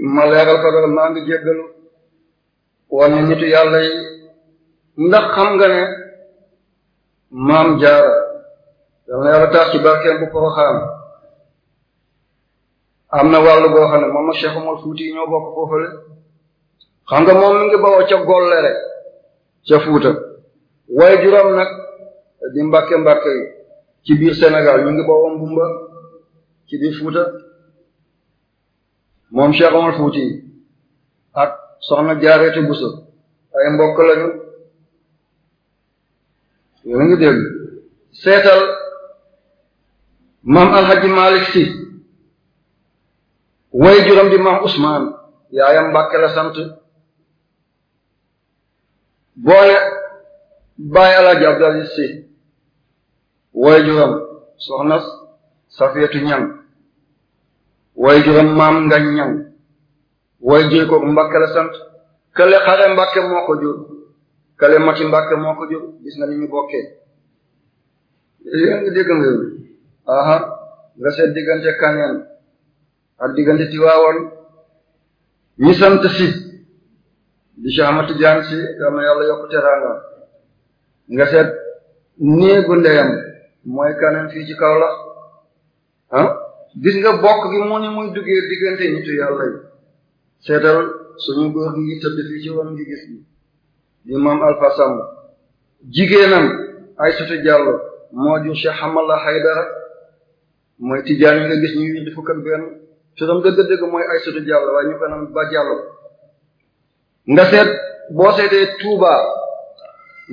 ma leeral ko loolu maa ngi jéggalu wan ne nitu yàlla yi ndax xam nga ne maam jaara na yàlla taas ci barkeem bu poroxaan am na wàllu boo ne moom ak Cheikh Omar Fuuti ñoo bokk foofale xam nga moom mi ngi bawoo ca gollere ca Fuuta waaye juróom nag di mbàkke mbàkke yi ci biir Sénégal ñu ngi bawoo mbumba ci biir Fuuta moom Cheikh Omar Fouti ak soxna jaareeti Bousso ay mbokk lañu yooyu ngi dégg seetal maam alxaji Malik si way juróom di maam usmaan yaayam Mbàkke la sant boole baay alxaji Abdul Aziz si way juróom soxna Safiyatu Ñang way juram maam nga ñëw way jur ko la sant kële xare Mbàkke moo ko jur kële mati Mbàkke moo ko jur gis nga ni ñu bokkee ngi dégg nga aha nga seet diggante kaneen ak diggante Tiwaawoon ñi sant si di Cheikh Ahmad si yal na yàlla yokk teraanga nga seet néegu ndeyam mooy kaneen fii ci kaw la ah gis nga bokk gi mu ni muy duggee diggante nitu yàlla yi seetal suñu góor gi tëdd fii ci wam gi gis bi di maam Alpha Samb jigéenam Aysatu Jàllo moo jur Cheikh Hamala Haydara mooy tijaan yi nga gis ñu di fukk ak benn turam dëgg-dëgg mooy Aysatu Jàllo waaye ñu ko ba Jàllo nga seet boo seetee Touba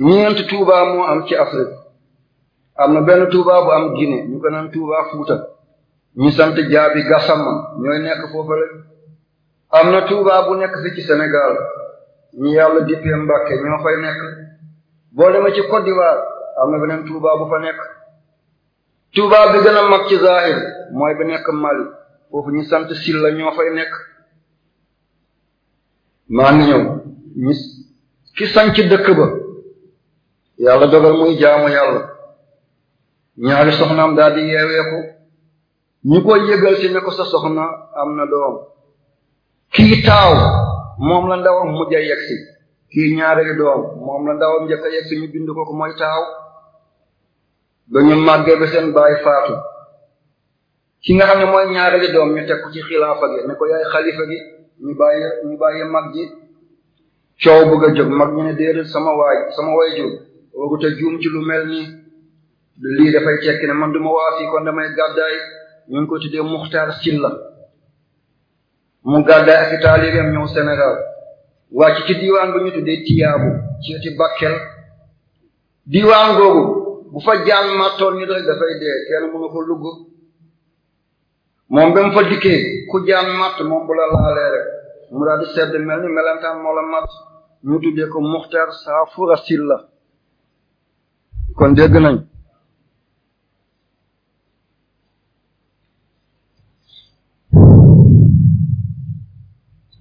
ñeent Touba moo am ci Afrique am na benn Touba bu am Guinée ñu ko naan Fuuta ñu sant jaabi gasama ñooy nekk foofale am na Touba bu nekk fi ci Sénégal ñu yàlla dippee Mbàkke ñoo fay nekk boole demee ci Côte am na beneen Touba bu fa nekk Touba bi gën a mag ci zahir mooy bi nekk Mali foofu ñu sant Silla ñoo fay nekk maa ngi ñëw ñu ki sanc dëkk ba yàlla dogal muy jaamu yàlla ñaari soxnaam daal di ñu koy yëgal si ne ko sa soxna am na doom kii taaw moom la ndawam mujj a yegg kii ñaareelu doom moom la ndawam njëkk a yegg si bind ko ko mooy taaw ñu màgge ba seen baay faatu ki nga xam ne mooy ñaareelu doom ñu teg ko ci xilaafa gi ne ko yaay xalifa gi ñu bàyyi ñu bàyyi coow bëgg a jóg mag ñu ne sama waay sama waay jóg warut a juum ci lu mel ni lii dafay tekki ne man du ma waa fii kon damay gàddaay ñu ngi ko tuddee Muxtaar Silla mu gàddaay ak taalibeem Sénégal wàcc ci diwaan bu ñu tuddee Tiyaabu ci eti diwaan googu bu fa jaan màttoon nit rek dafay dee kenn mënu ko lugg moom ba mu fa dikkee ku jaan màtt moom bu la laalee rek mu daal ni melentaan moo la màtt ñu tuddee ko Muxtaar Saafura Silla kon dégg nañ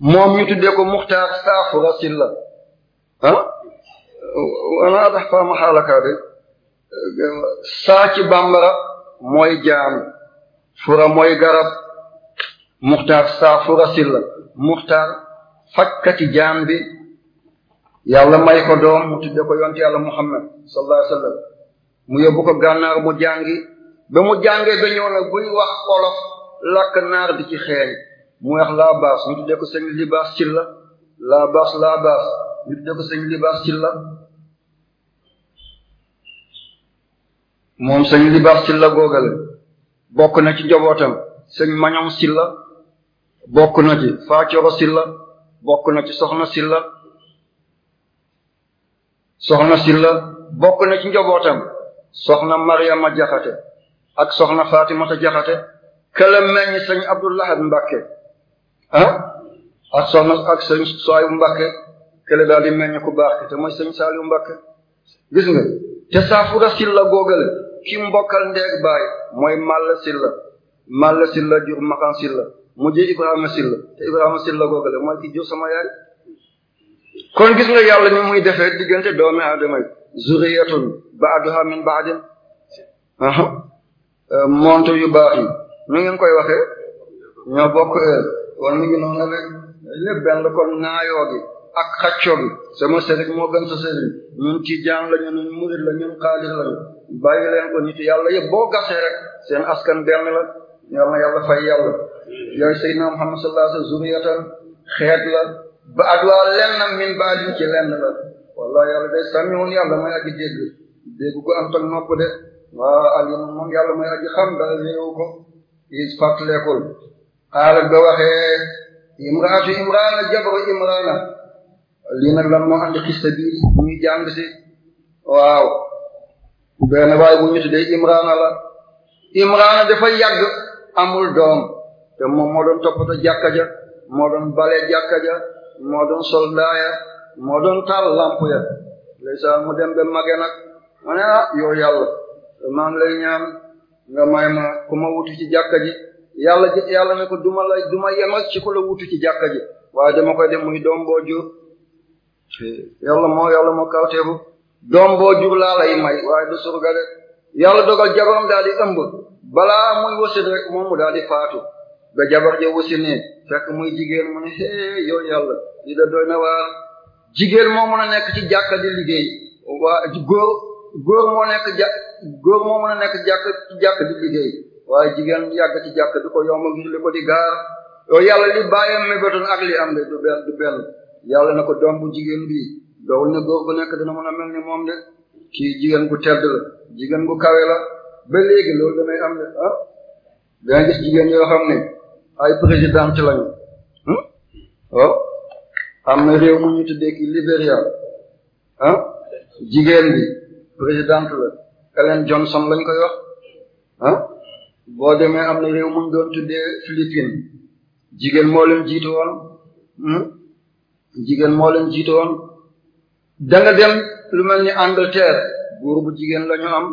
moom ñu tuddee ko muxtaar saafu rasil la ah ana tax faama xaalakaa de saa ci mooy garab muxtaar saafu rasil la muxtaar fakkati jaam bi yàlla may ko doom mu tuddee ko yonte yàlla muhammad sallallahu alayhi wa sallam mu yóbbu ko gànnaar mu jàngi ba mu jàngee ba ñëw nag buy wax olof làkk naar di ci xeeñ mu wax laabaas ñu tuddee ko sëñ libaas ci la laabaas laabaas ñu tuddee ko sëñ libaas ci la moom sëñ libaas ci la googale bokk na ci njabootam sëñ mañoom ci la bokk na ci faacoro ci la bokk na ci soxna ci la soxna ci la bokk na ci njabootam soxna Mariama Jaxate ak soxna Faatimata Jaxate kële meññ sëñ Abdullah Mbàkke ah ak soxna ak sëñ Soayu Mbacke kële daal di meññ ku baax te mooy sëñ Saliou Mbacke gis nga te saafura silla googale ki mbokkal ndeeg baay mooy màll silla màll silla jur maxan silla mujj Ibrahima silla te Ibrahima silla googale mooy ki jur sama yaay kon gis nga yàlla ni muy defee diggante doomi aadama yi zuriyatun ba'duha min ba'din ah, montu yu baax yi ñu ngeen koy waxee ñoo bokk wala mu ngi noonu rek lépp benn kon naayoo gi ak xaccoo gi sama sëriñ moo gën sa sëriñ ñun tijaan lañu ñun murid la ñun xaalis lañu bàyyi leen ko nit yàlla yëpp boo gasee rek seen askan benn la yal na yàlla fay yàlla yooyu Seydina Muhammad sallallahu alayhi wasallam zuriyatan xeet la ba adwaa lenn min baadin ci lenn la wallahi yàlla day samiun yàlla may aji dégg dégg ko am tak de waa alimun moom yàlla may aji xam dara réewu ko is fàttaleekul xaalat ba waxee imraatu imraana jabaru imraana lii nag lan moo andi xista bi ñuy jàng si waaw benn waay bu ñu tuddee imraana la imraana dafa yàgg amul doom te moom moo doon toppatoo jàkka ja moo doon bale jàkka ja moo doon soldaaya moo doon taal lamp ya dem ba nag ma ne ah yow yàlla lay ñaan nga may ma ku ma wuti ci jàkka ji yàlla yàlla ne ko duma la duma yem rek ci ko la wutu ci jàkka ji waaye dama koy dem muy doom boo jur yàlla moo yàlla moo kawteebu doom boo jur laa lay may waaye du surga de yàlla dogal jabaram daal di ëmb balaa muy wasin rek moom mu daal di faatu ba jabar ja wasinee fekk muy jigéen mu ne hee yow yàlla li da doy na waar jigéen moo mën a nekk ci jàkka di liggéey waa góor góor moo nekk ja góor moo mën a nekk ci jàkk di liggéey waaye jigéen yàgg ci jàkk du ko yomb julli ko di gaar yooyu yàlla li bàyyam mébétoon ak li am de du benn du benn yàlla na ko doom bu jigéen bi doowul ne góor bu nekk dina mën a mel ni moom de kii jigéen bu tedd la jigéen gu kawe la ba léegi loolu damay am de ah danga jigéen yoo xam ne ay président ci lañu hmm? oh am na réew mu ñu tuddee ki Libéria ah jigéen bi présidente la Ellen Johnson lañ koy wax ah. boo demee am na réew mu ñu doon tuddee Philippines jigéen moo leen jiite woon hmm? jigéen lu mel ni Angleterre buur bu jigéen lañu ñu am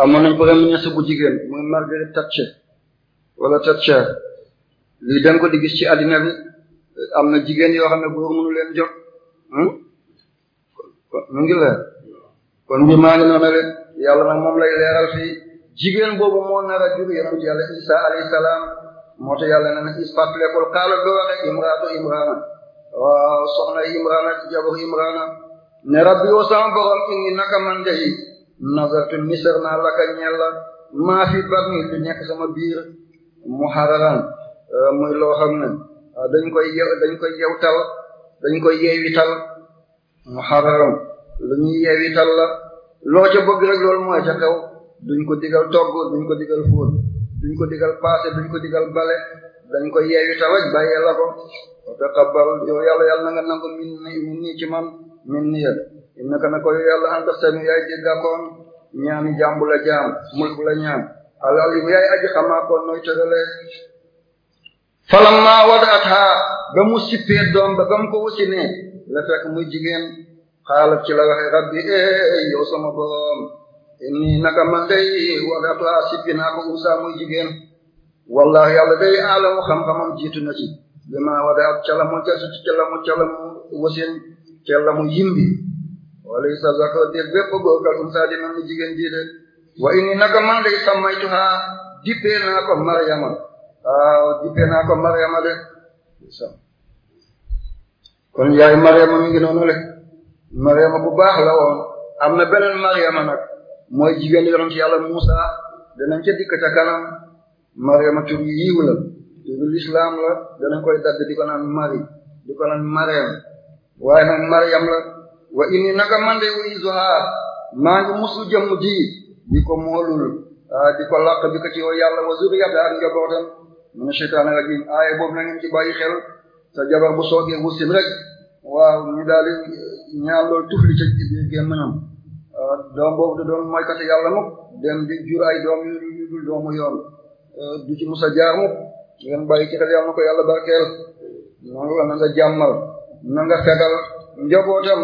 amoon nañ premier ministre bu jigéen muy Margaret Thatcher wala Thatcher lii da ko di gis ci àddina bi am na jigéen yoo xam ne góor mënu leen jot hmm? mu ngi leer kon bi maa ngi noonu rek yàlla nag moom lay leeral fii jigéen boobu moo nar a jur yonent yàlla isa alayhi salaam moo tax yàlla nana is fàttalekul xaala bi imraatu imrana soxna imrana di jabaru imrana ne rabbi yoo sama borom inni naka man de yi nazartu nisar naa laka ñeel maa fi barni lu nekk sama biir muhararan euh, muy loo xam ne euh, dañ koy koy yewtal dañ koy yeewital muhararan lu ñuy yeewital la ca bëgg rek loolu mooy ca kaw duñ ko digal togg duñ ko digal fóot duñ ko digal paase duñ ko digal bale dañ ko yeewi tawaj bàyyee la ko wa taqabbal yow yàlla yàlla na nga nangu min min man min ni yet innaka na ko yow yàlla anta sami yaay dégga koon ñaami jaam bu la jaam mulk bu la alal yi yaay aji xamaa koon nooy tëralee falamma wada'atha ba mu sippee doom ba ba mu ko wasinee la fekk muy jigéen xaalat ci la waxe rabbi eh yow sama borom inni naka man day waxataa sippi naa ko usaa muy jigéen wallahi yàlla day alamu xam-xamam jiitu na ci bi ma wada calamu jasu ci calamu calamu wasin calamu yimbi wala sa zaka dég bépp góor kal unsa di mel ni jigéen ji wa inni naka man day sammaytuhaa dippee naa ko maryama waaw dippee naa ko maryama de kon yaay maryama mi ngi noonu le maryama bu baax la woon am na beneen maryama nag mooy jigéen yonent yàlla Musa danañ ca dikk ca kanam Mariama tur yiiw la turu lislaam la danañ koy dagg di ko naan Mari di ko naan Mariam waaye nag Mariam la wa inni naka mande wu izuha maa ngi musu jëmm ji di ko moolul di ko làq bi ko ci yow yàlla wa zuriyata ak njabootam mina shaytaani rajim aaye boobu na ngeen ci bàyyi xel sa jabar bu soogee wu sim rek waaw ñu daal di ñaan loolu tufli ca biir gémmiñam Euh, doom boobu du doon moykatu yàlla mukk dem di jur ay doom doomu yoon euh, du ci musa jaar mukk ngeen bàyyi ci xel yàlla na ko yàlla barkeel noonu la na nga jàmmal na nga fegal njabootam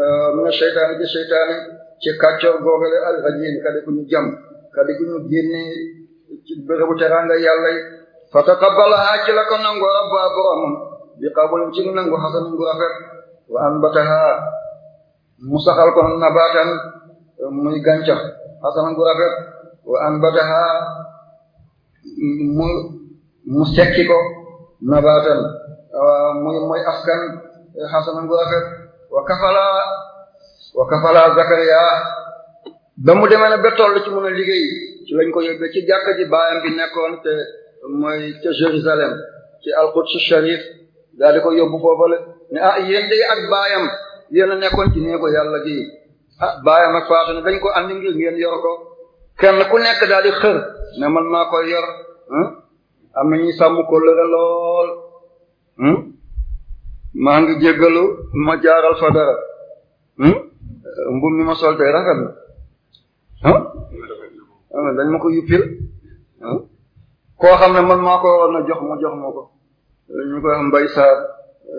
euh, mina seytaane ci seytaane ci kàccoor googale al rajim kadi ku ñu jam kadi ku ñu ci bérébu teranga yàlla fa taqabbalaha ci la nangu rabba boromam bi qabulin ci nangu hasanin gu rafet wa anbataha mu saxal ko nabatan muy gàncax xasanan gu rafet wa anbataha mu mu muy askan xasanan gu rafet wa kafala wa kafala zakariya ba mu demee ne ba ci mën a liggéey ci lañ ko yóbbee ci jàkk ji baayam bi nekkoon te mooy ca ci al-Quds sharif daal di ko yóbbu foofale ne ah ak baayam yéen a nekkoon ci ko yàlla gi ah baayam ak Faatima dañ ko andi ngir ngeen yor ko kenn ku nekk daal di xër ne man maa ko yor hmm? am na ñuy sàmm ko lëre lool hmm? maa ngi jéggalu ma jaaral fa dara hmm? mbubb mi ma sol tey rafet na ah, dañ ma ko yuppil koo xam ne man maa ko waroon na jox ma jox ma ko ñu koy wax mbay saar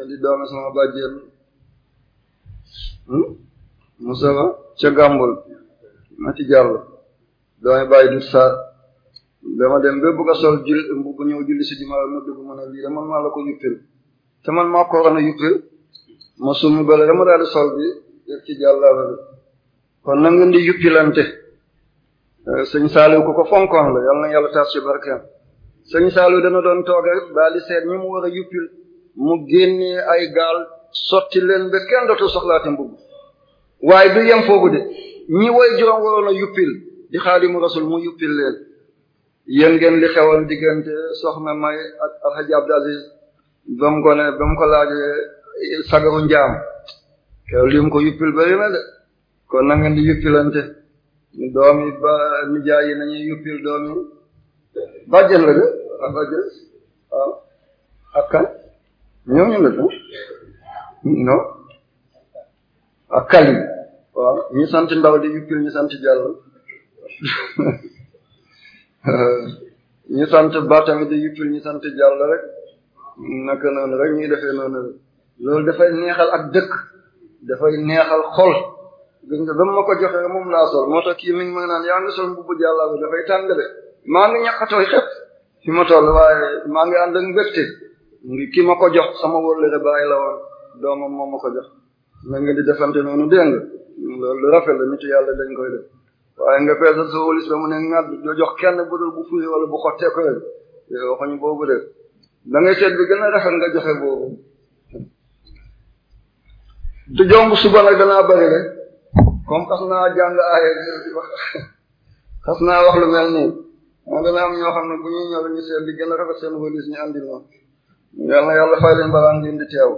di doon sama bàjjeen Hmm? Musa la ca Gambol ma ci Diallo damay bàyyi du saa dama dem ba bëgg a sol jul bu ñëw julli si jumaa ma dugg ma ne lii de man maa la ko yuppil te man maa ko waroon a yuppil ma sumu bële dama daal di sol bi def ci Diallo la kon na ngeen yuppilante eh, sëñ Saliou ku ko fonkoon la yal na yàlla taas ci barkeem sëñ Saliou dana doon toog rek daal di seet ñi mu war a yuppil mu génnee ay gaal. sotti leen ba kenn dootul soxlaati mbubb waaye du yem foogu de ñi woy juróom waroon a yuppil di xaadimu rasul mu yuppil leen yéen ngeen li xewoon diggante soxna may ak alxaji abdul aziz ba mu ko ne ba mu sagaru njaam kew lim ko yuppil bari na de kon na di yuppilante doomi ba nijaay yi yuppil doomi bàjjen la de a bàjjen waaw ak kan ñooñu la de non ak ah, kalim waaw ñu sant ndaw di yuppil ñi sant jàll ñu sant euh, ba tamit di yuppil ñu sant Diallo rek naka noonu rek ñuy defee noonu rek loolu dafay neexal ak dëkk dafay neexal xol gis nga ba ma ko joxee moom laa sol moo tax kii mi ngi ma naan yaa ngi sol mbubu jàllaa dafay tàng de maa ngi ñaqatooy xëpp fi ma waaye maa ngi ànd ak mbégte kii ma ko jox sama wóllëre bàyyi la woon doomam moom ma ko jox mais nga di defante noonu dégg loolu lu rafet la nitu dañ koy def waaye nga peese sa walis ba mu ne ŋàdd doo jox kenn bu dul bu fuye wala bu xottee ko rek yow waxuñu boobu de da ngay seet bi gën a rafet nga joxe boobu du jomb suba nag danaa bëri de comme xas naa jàng aaye xas naa wax lu mel nii moo dana am ñoo xam ne bu ñuy ñëw ñu seet bi gën a rafet seen walis ñu andil ma yàlla yàlla fay leen balaa ngeen di teew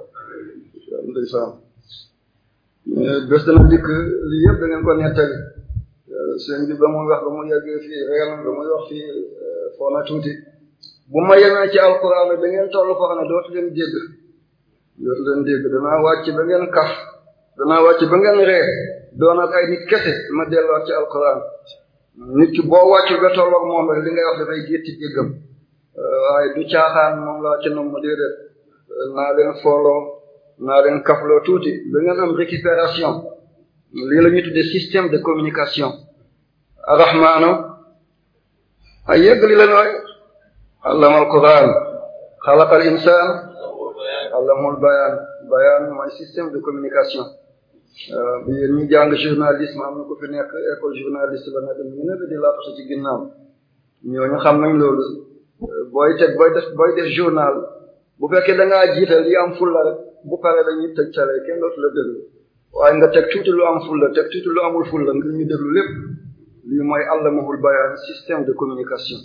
ndeysaan bés dana dikk li yëpp dangeen ko nettali euh, sëñ bi ba muy wax ba mu yàgg fii réel ba muy wax fii euh, foo tuuti bu ma yemee ci alquran da ngeen toll foo xam ne dootu leen dégg dootu leen dégg danaa wàcc ba ngeen kaf danaa wàcc ba ngeen ree doonaat ay nit kese ma delluwaat ci alquran nit ki boo wàcc ba tolloog moom rek li ngay wax dafay gétti jéggam euh, waaye du caaxaan moom laa ci nom ma déedéet naa leen fooloo maa leen kafloo tuuti ba ngeen am récupération lii la ñuy tuddee système de communication arrahmaano ay yeggali la nooy allama al quran xalaqa al insaan allamul bayaan bayaan mooy système de communication bi yéen ñu jàng journalisme am na ko fi nekk école journaliste la nekk ñu ne bi di laatata ci ginnaaw ñooñu xam nañ loolu booy teg booy def journal bu fekkee da ngaa jiital yi am fulla rek bu paree dañuy tëj cale kenn dootu la déglu waaye nga teg tuuti lu am fulla teg tuuti lu amul fulla ngir ñu déglu lépp lii mooy allamahul bayaan système de communication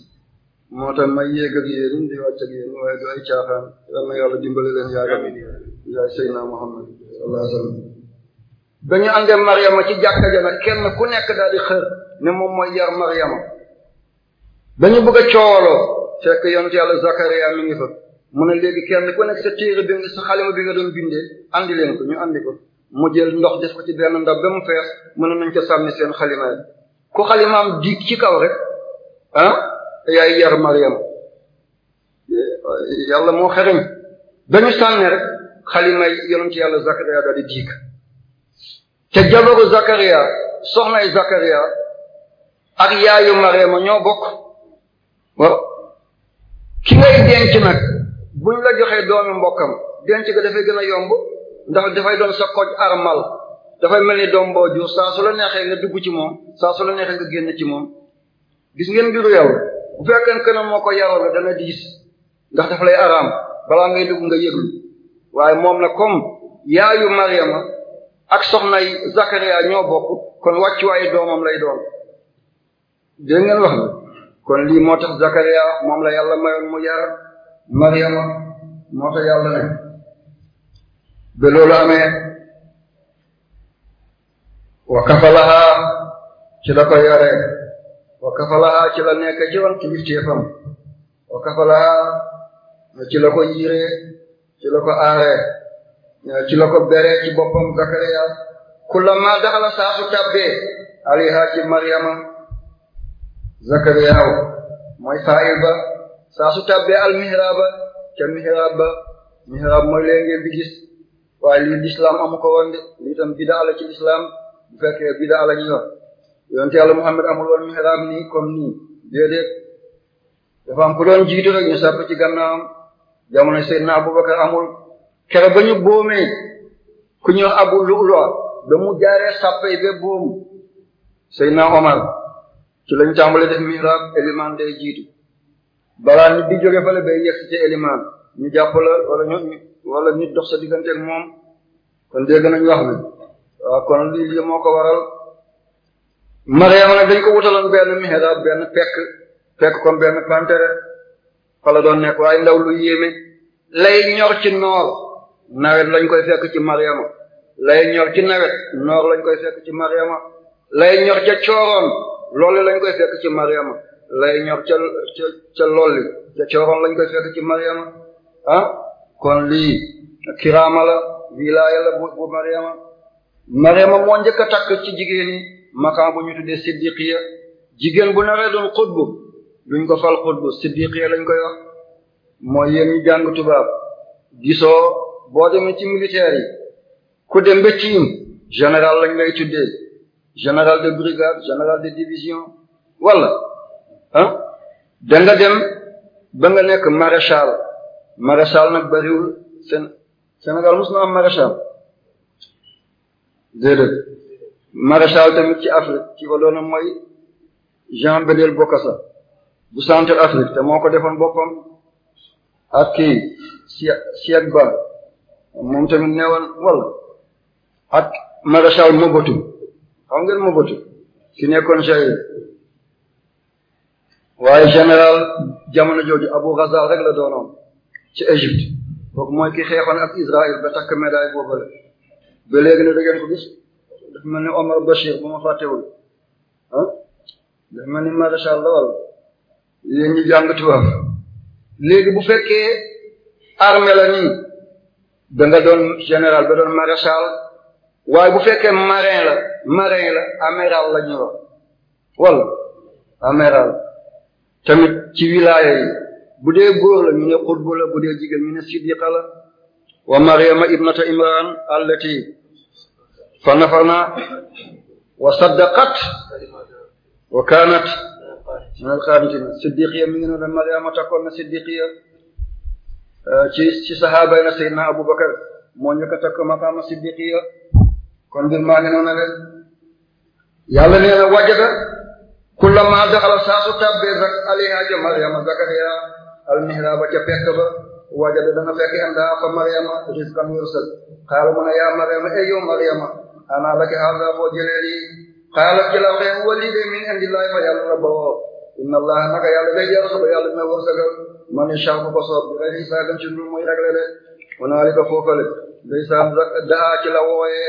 moo tax may yéeg ak yéen di wàcc ak yéen waaye du ay caaxaan yal na yàlla dimbali leen yaagam yaay Seydina Muhammad sallallahu alayhi wa sallam dañu àndee Mariama ci jàkka ja nag kenn ku nekk daal di xër ne moom mooy yar Mariama dañu bëgg a coowaloo fekk yonent yàlla Zakaria mi ngi fa mu ne léegi kenn ku nekk sa téere bi nga sa xalima bi nga doon bindee andi leen ko ñu andi ko mu jël ndox def ko ci benn ndab ba mu fees mën nañ ko sàmmi seen xalima ko ku xalimaam ci kaw rek ah yaay yar Mariam yàlla moo xereñ dañu sànne rek xalima yonent yàlla Zakaria daal di diig te jabaru Zakaria soxnay Zakaria ak yaayu Mariama ñoo bokk waaw ki ngay denc nag buñ la joxee doomi mbokkam denc ko dafay gën a yomb ndax dafay doon sa koj armal dafay mel ni doom boo jur saa su la neexee nga dugg ci moom saa su la neexee nga génn ci moom gis ngeen mbiru yàlla bu fekkee kenn moo ko yaral dana diis ndax dafa lay araam balaa ngay dugg nga yëglu waaye moom na comme yaayu Mariama ak soxnay Zakaria ñoo bokk kon wàccuwaayu doomam lay doon dégg ngeen wax na kon lii moo tax Zakaria moom la yàlla mayoon mu yara Mariama moo tax yàlla ne amee wa kafalaha ci la ko yore wa kafalaha ci la nekk ci wan kilifteefam wa kafalaha ci la ko yiire ci la ko aare ci la ko bere ci boppam Zakariya kullama daxala saa su tabbee aliha ci Mariama Zakariya mooy faayil ba saa su tabbee al mihraaba ca mihraab ba mihraab mooy léeg bi gis waaye lii lislaam amu ko woon de lii tam bida la ci lislaam bu fekkee bida la ñu yor yonte yàlla Muhammad amul woon mihraab nii comme nii déedéet dafa am ku doon jiitu rek ñu sàpp ci gannaawam jamono Seydina Abubakar amul kere ba ñu boomee ku ñu abu lu'lu'a ba mu jaaree sàppee ba boomu Seydina Omar ci lañu tàmbalee def mihraab élément day jiitu balaa nit di jóge fale bay yegg ci élément ñu jàpp la wala ñu dox sa diggante ak moom kon dégg nañ wax mi kon lii lii moo ko waral Mariama nag dañ ko wutala wutaloon benn mihrab benn pekk pekk comme benn pantere fala doon nekk waaye ndaw lu yéeme lay ñor ci noor nawet lañ koy fekk ci Mariama lay ñor ci nawet noor lañ koy fekk ci Mariama lay ñor ca cooroon loolu lañ koy fekk ci Mariama lay ñor ca ca ca lolli ca cooroon lañ koy fekk ci Mariama ah kon lii kiraama la wilaaya la bu bu Mariama Mariama moo njëkk a takk ci jigéen ñi makaan bu ñu tuddee siddiqiya jigéen bu naree doon xutbu duñ ko fal xutbu siddiqiya lañ koy wax mooy yéen ñu jàng tubaab gisoo boo demee ci militaire yi ku dem ba tiim général lañ lay tuddee général de brigade général de division walla ah da dem ba nga nekk maréchal maréchal nag bariwul Sénégal mos na am maréchal déedéet maréchal tamit ci Afrique ci ko doona mooy Jean Bédel Bokassa bu centre Afrique te ko defoon boppam ak kii Siad Ba moom tamit neewoon wala ak maréchal Mobutu ngeen Mobutu ki nekkoon Zaïre waaye général jamono jooju Abu Ghazal rek la doonoon ci Égypte kooku mooy ki xeexoon ak Israël ba takk boobu boobale ba léegi ne da ngeen ko gis dafa mel ni Omar Bachir bu ma fàttewul ah, dafa mel ni maréchal la wala yéen ñu jàng tubaab léegi bu fekkee armée la nga doon général ba doon maréchal waaye bu fekkee marin la marin la amiral la ñu wax wala amiral tamit ci wilaaya yi bu dee ne xutbu la bu dee jigéen ñu ne siddiqa la wa maryama ibnata imran allati fa nafarna wa saddaqat wa kaanat min alqaanitin siddiqiya mi ngi noon maryama takkoon na siddiqiya euh, ci ci sahaaba yi na seydna abubakar moo ñu ko takk maqaama kon bir maa ngi noon le yàlla nee na kullama daxala saa su tabbee rek aliha ja mariama zakariya almihraaba ca pekk ba wajada dana fekk indaa fa mariama risqan wërsëg xaala mu ne yaa mariama e yow mariama ana laki hada foo jëlee lii xaalat ci law xeen wali de min indillahi fa yàlla la bawoo inna allaha naka yàlla day yarsu ba yàlla dina wërsëgal man incha ko ko soob bi rek isaagam ci lu muy regle de wanaalika foofale ndeysaan daa ci la wooyee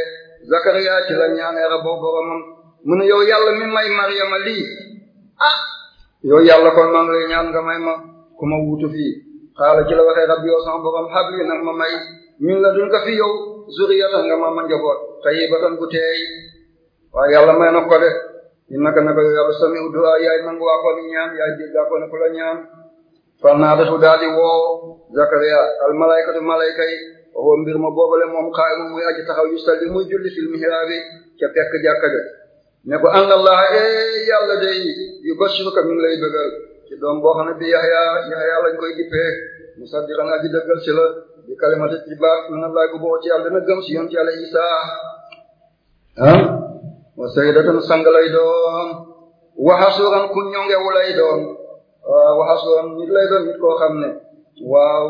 zakariya ci la ñaanee raboo boromam mun yow yàlla mi may Maryama lii ah, yow yàlla kon maa ngi ñaan nga may ma ku ma wuutu fii xaala ci la waxee rabbi yow sama borom habli nag ma may min la dun ka fi yow zuriyatan nga ma ma njaboot tayyibatan gu wa waaye may na ko de innaka naka yow yàlla sami'u du'a yaay nangu waa ko ni ñaan yaay déggaa ko ku la ñaan fan naa datu daal di woo Zakaria al malaykatu malayka yi woo mbir ma boobale moom xaay mu muy aji taxaw yu salli muy julli fil mihrabi ca pekk jàkka ne bu anna allah eh yàlla day yu bashiruka mi ngi lay bëggal ci doom boo xam ne bi yaxya yaxya lañ koy dippee musaddiqan aji dëggal ci la bi kalimati ci baax min allah gu boo ci yàlla dina gëm si yoon ci yàlla isa ah wa sayyidatan sang lay doon wa hasuran ku ñongewu lay doon wa hasuran nit lay doon nit koo xam ne waaw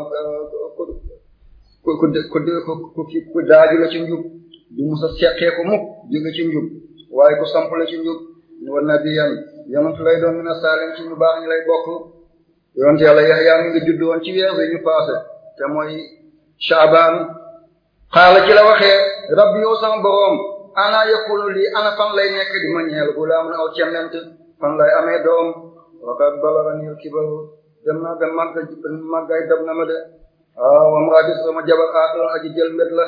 ku ku ku ku daaju du musa seqee ko mukk jóge ci waaye ku samp la ci njub wan nabiyan yonent lay doon mina saalim ci ñu baax ñu lay bokk yonent yàlla Yaxya mi ngi judd woon ci weer yi ñu passé te mooy Shaaban xaala ci la waxee rabbi yow sama boroom ana yakunu ana fan lay nekk di ma ñeel gulaam aw cennent fan lay amee doom waqad balaganiyal kibaru dem naa ba màgg màggay dab na ma de waaw wam raagis jël mbét la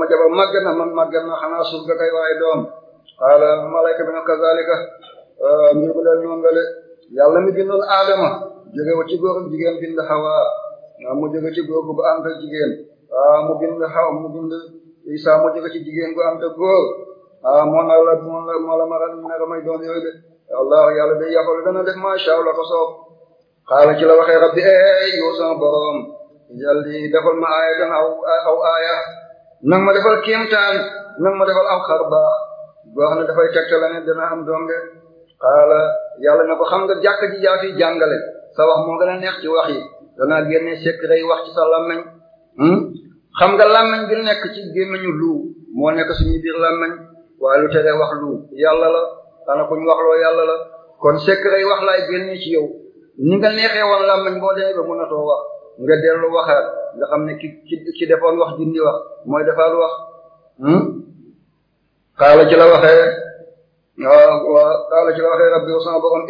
màgg na man màgg na xanaa suuf kay waaye doom xaala malayka bi na kazalika mbir mu del noonu lale yàlla mi bindoon aadama jóge ci góor ak jigéen bind xawa mu jóge ci góor bu ànd ak jigéen mu bind xaw mu bind isa mu jóge ci jigéen gu ànd ak góor a la moo la moo la maral nera de allah yàlla day yàqalu dana def masha Allah ko soob xaala ci la waxee rabbi ey yow sama borom yàlla di defal ma aaya tan aw aw aaya ma defal kéemtaan nang ma defal aw xar boo xam ne dafay tegtale ne dana am doom de xaala yàlla na ko xam nga jàkk ji yaa jàngale sa wax moo gën neex ci wax yi danaa génne secret wax ci sa làmmañ hmm? xam nga làmmañ bi nekk ci gémmiñu lu moo nekk si biir làmmañ waaye lu tere wax lu yàlla la xana kuñ waxloo yàlla la kon secret wax laay génne ci yow ni nga neexee woon làmmañ boo demee ba mënatoo nga xam ne ki ci ki defoon wax dindi wax mooy defaat wax hmm? xaala ci waaw xaala ci la waxee rabbi sama borom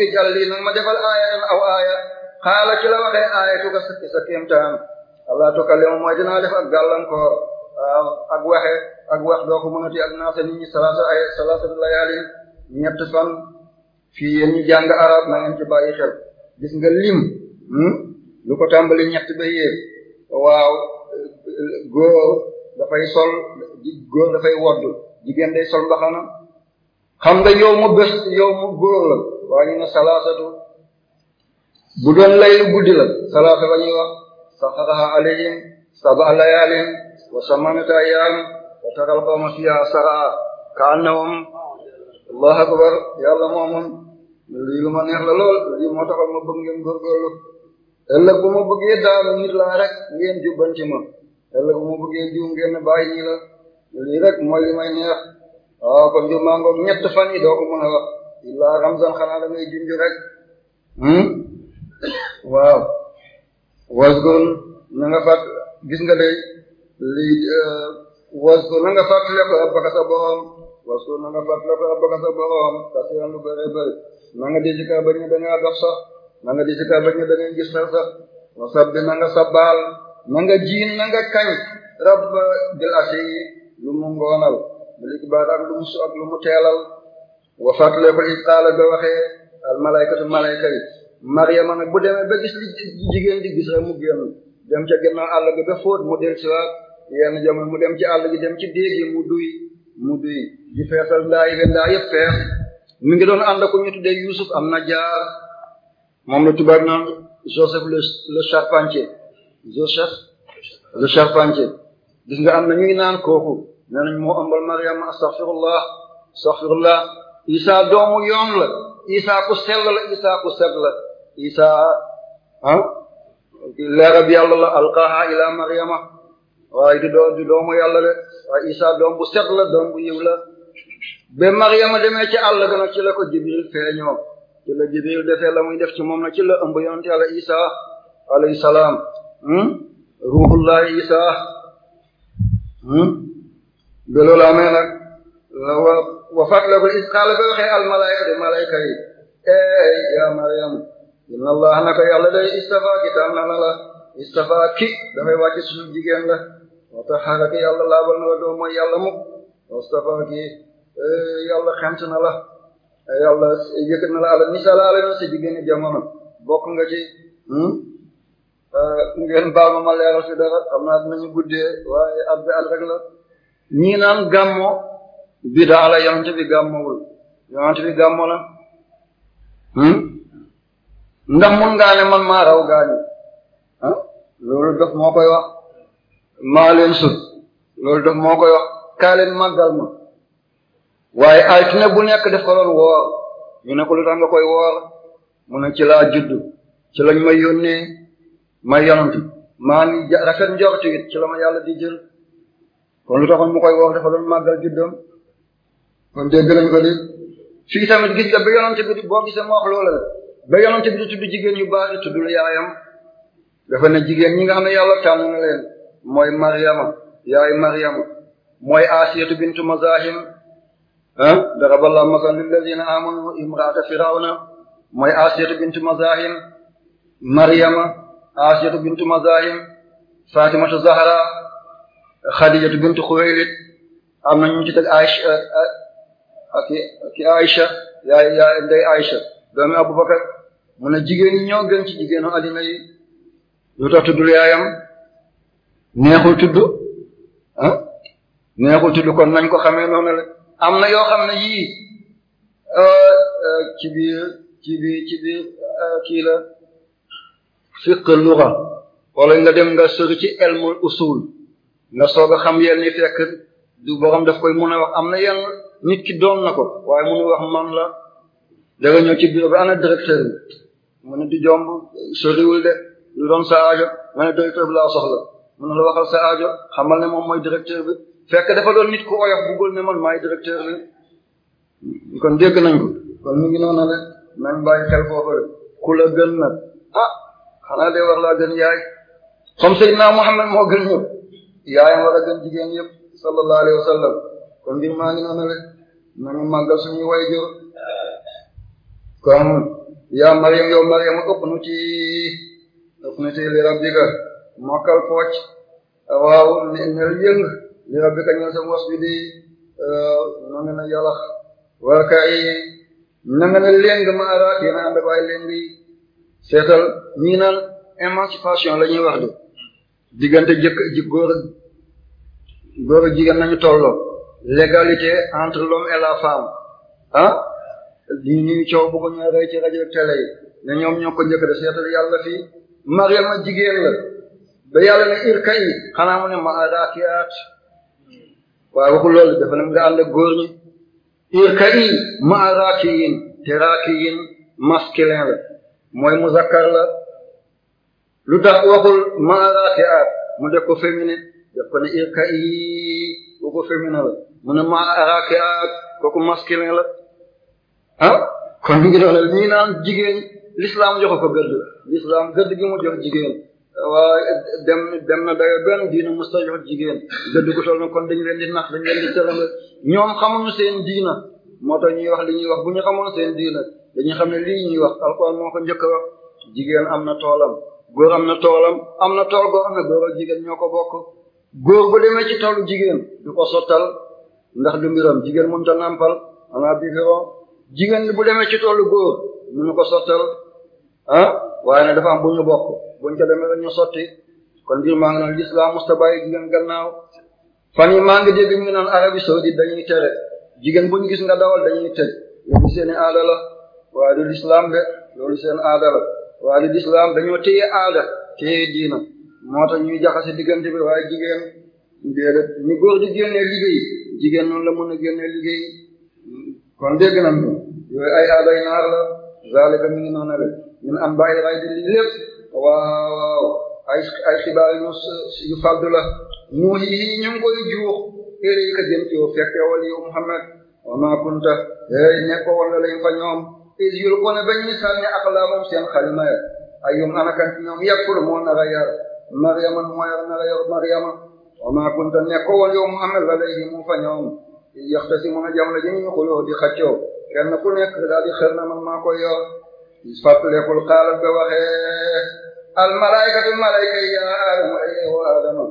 ma defal aayatan aw aaya xaala ci mooy dinaa def ak gàllankoor waaw ak waxe ak wax doo ko mënati ak naasa nit ñi salaasa ay salaasa layaali ñett fan fii yéen ñu jàng arab na ngeen ci bàyyi xel gis nga lim hmm? lu ko tàmbali ñett ba yéen waaw góor dafay sol góor dafay wodd jigéen day sol mbaxana xam nga yow mu bés yow mu la salaasatu bu doon laylu salaasa la ñuy wax saxaraha alayhim sab'a layaalin wa samanata ayyaam wa taral qawma fiha saraa kaannahum allah akbar yàlla moomun lii neex la lool lii moo taxal ma bëgg ngeen góorgóorlu ëllëg bu ma bëggee daal nit laa ngeen jubbanti ma ëllëg bu ma bëggee jiw ngeen bàyyi ñi lii rek mooy li may neex waaw ah, kon ju mangoog ñett fan yi doo ko mën a wax illaa ramzan xanaa da ngay junj rek hmm? waaw wasgun na nga fàtt gis nga day lii euh, wasgun na nga fàttale ko rabbaka sa borom wasgun na nga fàttale ko rabbaka sa borom kasiran lu bëre bëri na di zikar ba ñu da ngaa dox di zikar ba ñu da gis sax wasab bi na sabbaal na jiin na kañ rabb bil lu mu ngoonal lu ikbaar ak lu mu su ak lu mu teelal wa fàttalikul it qaala ga waxee al malaykatu nag bu demee ba gis li jigéen ji gis rek mu génn dem ca gannaaw àll bi ba fóot mu del siwaat yenn jamono mu dem ci àll gi dem ci déeg yi mu duy mu duy di feesal ndaa yi ndaa yëpp fees mi ngi doon ànd ko ñu tuddee Yusuf am na jaar moom la tubaab naan Joseph le le Joseph le charpentier gis nga am na ñu ngi naan kooku nee mu moo ëmbal Maryam astaghfirullah astaghfirullah Isa doomu yoon la Isa ku sell la Isa ku set la Isa ah leerab la alqaha ila Maryama waaye di doo di doom bu la doom bu yiw la ba Maryama demee ci àll ga nag ci la ko Jibril feeñoo ci la Jibril defee la muy def ci moom na ci la ëmb yonent yàlla Isa alayhi salaam hmm? ruhullahi Isa hmm? ba loolu amee nag wa wa fàttaliku is xaala al malaayikati yi ey yaa Maryam inna allah naka yàlla day istafaaki tànn na la istafaaki dafay wàcc suñu jigéen la wa taharaki yàlla laabal na la doo mooy yàlla mu wastafaaki yàlla xent na la yàlla yëkkat na la ala misaal ala na sa jigéeni jamono bokk nga ci hmm? ngeen baal ma ma leeral fi dara xam naa dinañu guddee waaye ab la ñi naan gàmmo bidaa la yonente bi gàmmowul yonente bi gàmmo la hmm? ndax mun ngaa man maa raw gaañi ah? loolu dof moo koy wax maa leen sut loolu dof moo koy wax kaa leen màggal ma waaye altine bu nekk def ko woor ñu ne ko koy woor mu ne ci laa juddu ci lañ ma yónnee ma yonent maa ngi rafet njortu it ci la ma yàlla di jël kon lu taxoon mu koy wax dafa doon màggal juddoom kon dégg nañ ko li fii tamit gis nga ba yonante bi boo gisee mu wax loola la ba yonante bi di tudd jigéen yu baax yi tuddul yaayam dafa ne jigéen ñi nga xam ne yàlla tànn na leen mooy Maryama yaay Maryama mooy Asiyatu bintu Mazahim ah daraballahu masalan lillazina amanu imraata firawna mooy Asiyatu bintu Mazahim Maryama Asiyatu bintu Mazahim Fatimatu Zahra Xadijatu bint Xuwaylid am na ñu ci teg Aïcha ki ki Aïcha yaay yaay Abubakar mu ne jigéen ñi ñoo gën ci jigéenu àddina yi lu tax tuddul yaayam neexul tudd ah neexul kon nañ ko xamee noonu la am na yoo xam ne yii euh, euh, ci biir ci biir ci biir euh, kii la fiqh lugha wala nga dem nga sori ci elmul usul na soog a xam yenn yi fekk du borom daf koy mun a wax am na yenn nit ki doon na ko waaye munu wax man la danga ñëw ci bureau bi ana directeur bi mu ne di jomb soriwul de lu doon sa aajo nga ne directeur bi laa soxla mu ne sa aajo xamal ne moom mooy directeur bi fekk dafa doon nit ku oyof bugul ne man maay directeur bi kon dégg nañ ko kon mi ngi noonu rek nañ bàyyi xel foofu rek ku la gën nag ah xanaa de war laa gën yaay comme Seydina Muhammad moo gën ñu yaayam war a gën jigéen yëpp sallallahu alayhi wa sallam kon maa ngi noonu rek nañu màggal suñu wayjur kon yaa Maryam yow Maryam uqnuti uqnuti li rabbika mokkal fooc waaw nel yëng li rabbika ñëw sa was bi di euh, na nga na yalax warka'i na nga na léng maaraat yéena ànd ak waay léng yi seetal ñii naan émancipation la ñuy wax de diggante jëkk ji góor góor ak jigéen nañu tolloo l'égalité entre l'homme et la femme ah lii ñuy coow bëgg ñoo rey ci rajo ne ñoom ñoo ko njëkk de seetal yàlla fii Mariama jigéen la ba yàlla ne irka yi xanaa ne ma araakiyaat waaye waxul loolu dafa ne mu nga ànd góor ñi irka yi ma araakiyin te raakiyin masculin la mooy muzakkar la lu tax waxul ma araakiyaat mu def ko féminin def ko ne irka i kooku féminin la mu ne ma araaki ak kooku masculin la a ah, a mi ngi dooleel ñii naan jigéen l'islam joxe ko gëdd l'islam gëdd gi mu jox jigéen waa dem dem na dayo benn diina musta jox jigéen gëdd gu toll na kon dañu leen di nax dañu leen di ñoom xamuñu seen diina moo tax ñuy wax li ñuy wax bu ñu xamoon seen diina dañuy xam ne lii ñuy wax alquran moo ko njëkk a wax jigéen am na toolam góor am na toolam am na tool goo xam ne góor a jigéen ñoo ko bokk góor bu demee ci tollu jigéen du ko sottal ndax du mbiram jigéen mënut a nàmpal xanaa biberon jigéen bu demee ci tollu góor mënu ko sottal ah waaye nag dafa am bu ñu bokk buñ ko demee rek ñu sotti kon mbir maa ngi naan l'islam mustabayi jigéen gannaaw fan yi maa ngi dégg ñu ngi naan Arabie saoudite dañuy tere jigéen bu ñu gis nga dawal dañuy tëj loolu seen aada la waaye du l'islam de loolu seen aada la waaye du l'islam dañoo téye aada téye diina moo tax ñuy jaxase diggante bi waaye jigéen déedéet ni góor di génnee liggéey jigéen noonu la mën a génnee liggéey kon dégg nañ ko yooyu ay naar la zalika mi ngi noonu rek min am li lépp waaw ay ay xibaar yu yu fàddu la nuu yi ñu ngi koy juux téere yi ka jëm ci yow fekke wala yow Muhammad wa ma kunta hey eh, nekko wala lañ fa ñoom is yul ko ne bañ ni sànni aqlaamum seen xalima ya ayum anakan ci ñoom yàkkul moo nara yar Maryama nu mooy na la yor Maryama wa maa kunta nekko woon yow Muhammad la lay mu fa ñoom yaxtasimuuna jamono ji ñu xuloo di xaccoo kenn ku nekk daal di xër na man maa koy yor fàttalekul xaalat ba waxee al malaikatu malaika yi yaa aadama ayeewo aadama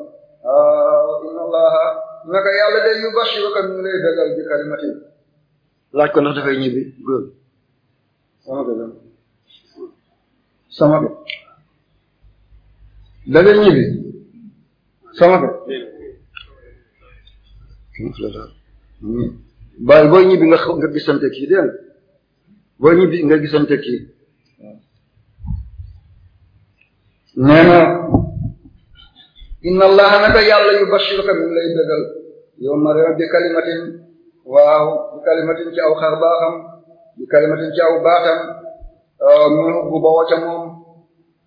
ah inna allaha naka yàlla day yubashiruka ñu lay bégal bi kalimatin laaj ko ndax dafay ñibbi góor sama sama da ngay ñibbi sama kër bàyyi booy ñibbi nga nga gisante kii dégg nga booy ñibbi nga gisante kii nee na inna allaha naka yàlla yu bashiruka mi ngi lay bégal yow mariama bi kalimatin waaw bi kalimatin ci aw xar baaxam bi kalimatin ci baatam mu bu bawoo ca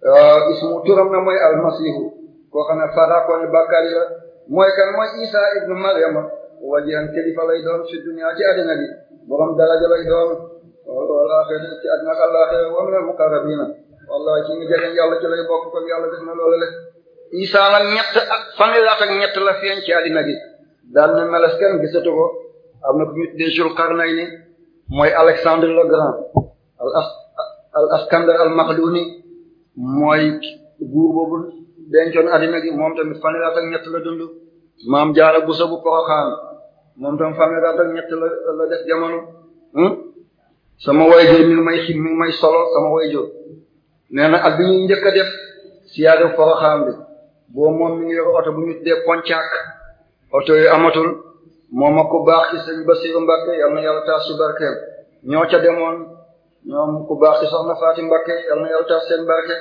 Euh, ismu turam na mooy almasihu ko xam ne fada koo ne bàkkaar yi la mooy kan mooy isa ibnu mariama wajihan kilifa lay doon fi dunya ci àddina bi borom daraja lay doon wal axira ci wa min al muqarrabina ci ñu jegeñ yàlla ci lay bokk kon yàlla def na loolu le isa nag ñett ak fanweer ak ñett la feeñ ci bi daal na meles kenn gisatu ko am na ku ñu tuddee mooy Alexandre le Grand al as mooy guur boobu dencoon addina gi moom tamit fanweeri at ak ñett la dund maam jaara busa bu poroxaan def jamono sama wayjur mi ngi may xim mi may solo sama wayjur nee na ak bi ñuy njëkk a def siyaade poroxaan bi boobu moom mi ngi yor oto bu ñu tuddee poncak oto amatul moom ak ku baax ci sëñ Basiru Mbàkke yal na yàlla taas ci ñoo ca demoon ñoom ku baax ci soxna Faati Mbakke yal na yàlla tax seen barke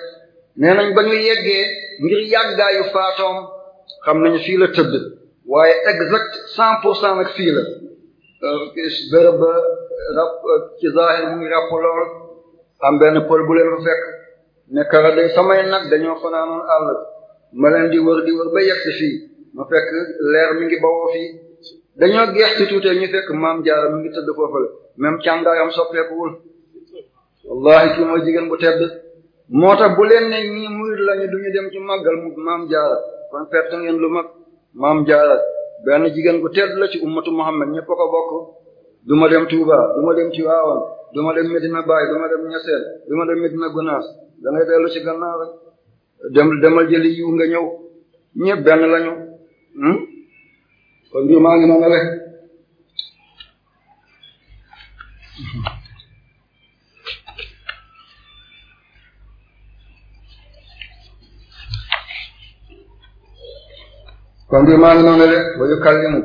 nee nañ ba ñu yeggee ngir yàggaayu faatoom xam nañu fii la tëdd waaye exact cent pour cent nag fii la euh, bërëb ba rab ci zaahir mu ngi lool am benn pël bu leen fa fekk ne kara day samay nag dañoo fanaanoon àll ma di wër di wër ba yegg fii ma fekk leer mi ngi bawoo fii dañoo geex ci tuutee ñu fekk maam jaara mi ngi tëdd foofale même càngaayam soppeekuwul wallahi kii mooy jigéen bu moo tax bu leen ne ñii murid lañu duñu dem ci màggal mu maam jaara kon perte ngeen lu mag maam jaara benn jigéen bu tedd la ci ummatu muhammad ñëpp ko bokk du ma dem Touba du ma dem Tivaouane duma ma dem Medina Baye du ma dem Niassène du ma dem Medina Gounass da ngay dellu ci gannaaw rek dem demal nga ñëw ñëpp benn lañu hmm? kon mbir maa ngi noonu rek kon bi maa ngi noonu de wa yukallimu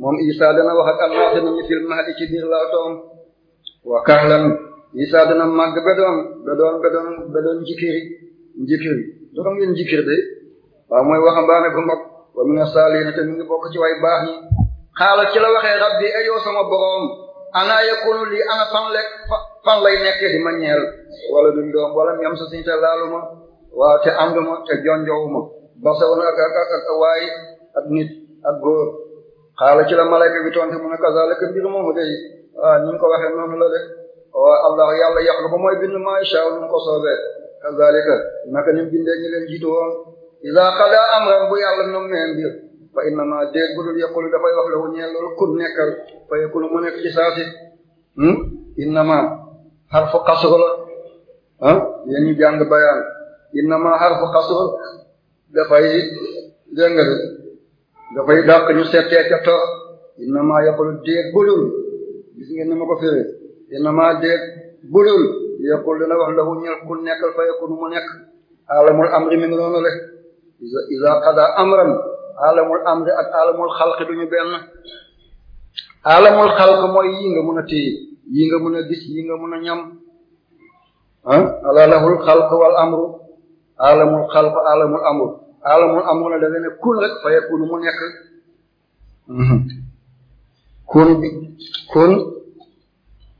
moom Isa dana wax ak Allah dana ñu fil mahdi ci biir laa toom wa karlan Isa dana màgg ba doon ba doon doon ba doon njikiri njikiri doro waxambaane bu mag wa mina saalihiina te mi ngi ci way baax ñi xaala ci la waxee rabbi ayoo sama boroom ana yakunu lii ana fan lekk fan lay nekkee di ma ñeel wala duñ doom wala ñam sa siñ te laaluma waaw te anduma te jonjowuma basawoon ak ak ak ak nit ak góor xaala ci la malayka bi tontu mu ne kazalika mbir moomu day ah, waaw ni ko waxee noonu la de waaw allah yàlla yaxlu mooy bind maa sha Allah ko soobee kazalika naka ni bindee ñu leen jiitu woon iza qada amran bu yàlla nom mee mbir fa innama déet bu dul yaqulu dafay wax lawu ñeel loolu kun nekkal fa yakunu mu nekk ci saasi hmm? innama harfu qasr la ah yéen ñu jàng bayaan harfu qasr dafay dégg dafay dàq ñu settee ca toor innamaa yaqulu déeg budul gis ngeen ni ma ko féré innamaa déeg budul yaqul dina wax lahu ñel ku nekkal fa yakunu mu nekk alamul amri mi ngi noonu le iza qada amran alamul amri ak alamul xalq duñu benn alamul xalq mooy yi nga mën a téye yi nga mën a gis yi nga mën a ñam ah ala lahul xalq wal amru alamul xalq alamul amru alamul amruna da nga ne kun rek fa yakunu mu nekk mhm. kun bi kun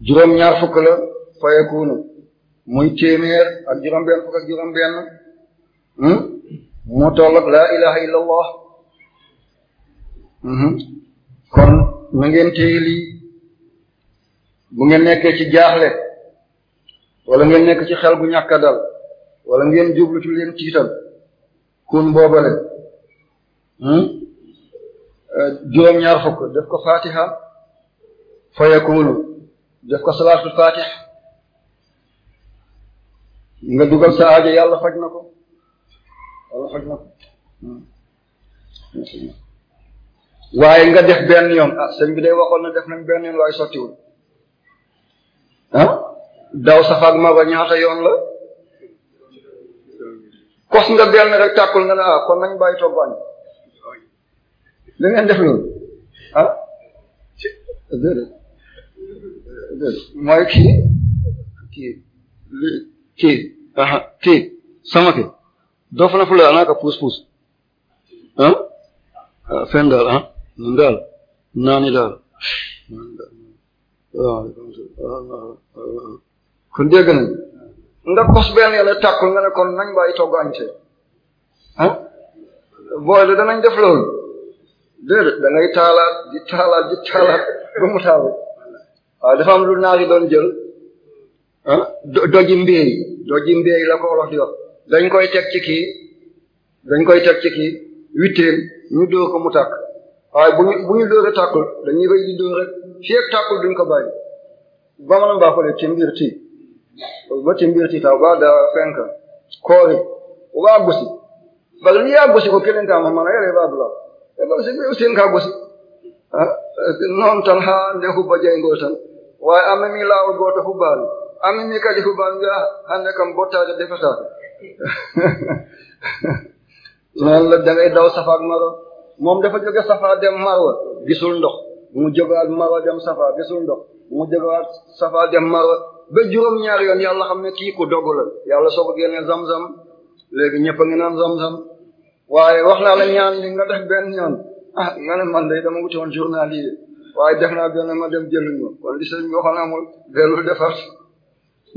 juróom-ñaar fukk la fa yakunu muy téeméer ak juróom-benn fukk ak juróom-benn mhm. mu toll ak laa ilaha mhm. kon na ngeen téye lii bu ngeen nekkee ci jaaxle wala ngeen nekk ci xel bu ñàkk a dal wala ngeen jublu ci leen tiital kun boobale hmm? euh, juróom-ñaar def ko fatiha fa yakunu def ko salaatul fatih nga dugal sa aajo yàlla faj na ko yàlla faj hmm. waaye nga def benn yoon ah sëñ bi day waxoon na def nañ benn yoon waaye sottiwul ah daw safaak maba ñaata yoon la kos nga benn rek tàkkul nga ne ah kon nañ bàyyi togg añ da loolu ah déedéet déedéet mooy kii kii kii aha kii sama ki doo fana fule puus puus ah? ah fen daal ah nun daal naani daal kon dégg nga kos benn yàlla tàkkul nga ne kon nañ bàyyi togg añte ah booy la danañ def loolu déedéet da ngay taalaat di taalaat di taalaat ba mu taalu waaw dafa am lu naar yi doon jël ah doji mbéy doji mbéy la ko wolof dañ koy teg ci kii dañ koy teg ci kii wittéen ñu dóor ko mu tàkk waaye bu ñu bu ñu dóore tàkkul dañuy rëy di dóor rek fii ak tàkkul duñ ko bàyyi ba mën a mbaa ko le ti batimbirtita o gaada fenka koori o gaa gosi bari ni yaa gosi ko kelen kam hamana yere e baa bula e bari sigi sin ka gosi noon tan haa nde hubba jeyngol tan waawi amme mi laawol gooto hubbaani amme mi kadi hubbaani wiya hannde kam bottaade defetaaka no allah dangay daw safaak maro moom dafa joge safaa dem marwa gisul ndox mu jogaat marwa dem safaa gisul ndox mu jogaat safaa dem marwa ba juróom ñaar yoon yàlla xam ne kii ku dogu la yàlla soo ko génnee zam-zam léegi ñëpp a ngi naan zam-zam waaye wax naa la ñaan li nga def benn yoon ah nga ne man de dama wuti woon naa yi waaye def naa benn ma dem jëluñu kon li sëñ bi waxoon amul dellu defar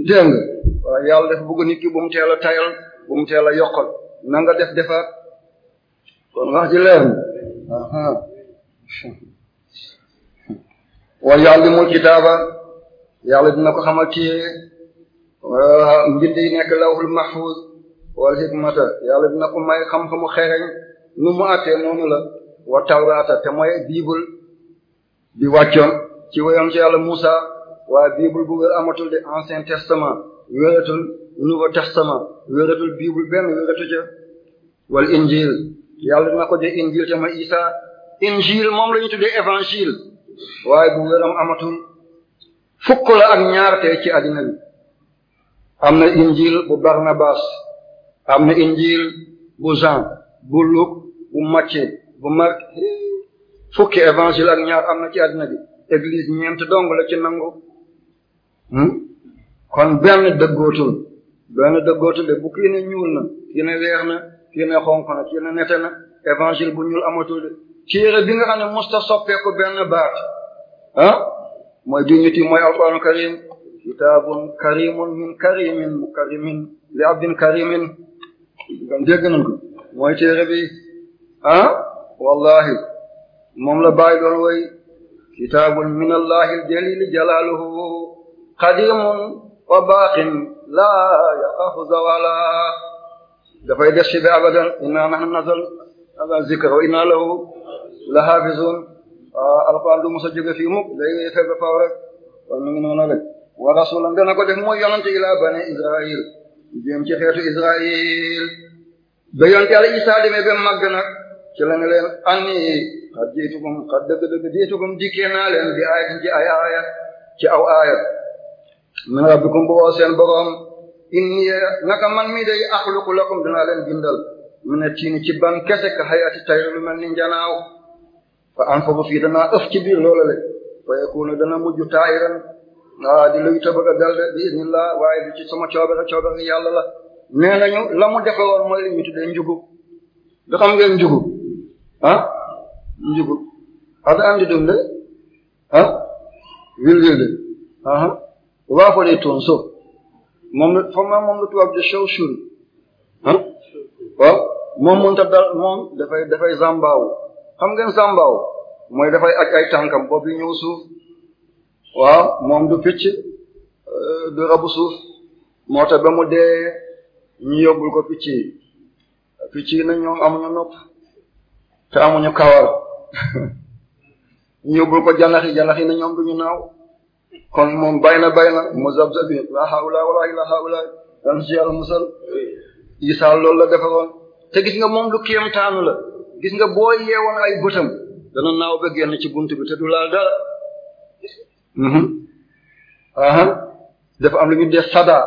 dégg nga waaye yàlla def bëgg nikki ki bu mu teel a tayal bu mu teel a yokkal na nga def defar kon wax ji leer na wa ya'limul kitaaba yàlla dina ko xamal téere euh, mbind yi nekk lawhul mahfuz wal hikmata yàlla dina ko may xam-xamu xereñ nu mu àttee noonu la wa tawraata te mooy biibul bi wàccoon ci wayoon ci yàlla Musa waaye biibul bu wér amatul de ancien testament wératul nouveau testament wératul biibul benn wératu ca wal injil yàlla dina ko de injil te mooy Isa injil moom la ñu tuddee évangile waaye bu wéram amatul fukk ak ñaar tey ci àddina bi am na injil bu Barnabas am na injil bu Jean bu Luc bu Matthieu bu Marc fukki évangile ak ñaar am na ci àddina bi église ñeent dong la ci nangu hmm? kon benn dëggootul benn dëggootul de bu kii ne ñuul na kii ne weex na kii ne xonq na kii ne nete na évangile bu ñuul amatul de téere bi nga xam ne musta soppeeku benn baat ah mooy dignité mooy alquran karim kitaabun karimun min karimin mukarimin li abdin karimin dégg nañ ko mooy téere bi ah wallahi moom la bàyyi doon woy kitaabun min allahi jalili jalaluhu qadimun wa baaqin la yaqafu zawala dafay des ci bi abadan inna nahnu nazal ala zikra wa inna lahu la hafizun Ah, alquran du mos a jóge fii mukk day fekk faaw rek kon mi ngi noonu wa rasulan dana ko def mooy yonante ilaa bani israil jëm ci xeetu israil ba yonte yàlla isaa demee ba màgg nag ci la ne leen anni xat jiitukum xat dëgg-dëgg jiitukum dikkee naa leen bi ci ay aaya ci aw aaya min rabbikum boo seen boroom inni naka man mi day axluqu lakum dinaa leen bindal mu ne tiini ci ban kese ka hayati tayr lu mel ni njanaaw fa anfaxu fii danaa ëf ci biir loola le fa yakunu dana mujj taayiran waa di luy tëbëgg a bi idnillah waaye li ci sama coobere coobere yàlla la nee nañu la mu defe woon mooy li ñu tuddee njugu da xam ngeen njugu ah njugu ada andi ɗum ah? de ah wilwilde aha waafode toon so moom la fomma moom la tubaab de show shuri ah waaw moom mënta moom dafay dafay zambaawu xam nga sàmbaaw mooy dafay ay tànkam bopp yi ñëw suuf waaw moom du picc euh, du rabu suuf moo tax ba mu dee ñu yóbbul ko picc yi picc yi nag ñoom amuñu nopp te amuñu kawar ñu yóbbul ko janax yi janax yi na ñoom ñu naaw kon moom bay na bay na mu zabzabi la hawla wala la hawla dan si yàlla musal isaa loolu la defaroon te gis nga moom lu kéem taanu la gis nga boo yeewoon ay bëtam dana naaw ba génn ci bunt bi te du laal dara mhm. aha dafa am lu ñu dee sada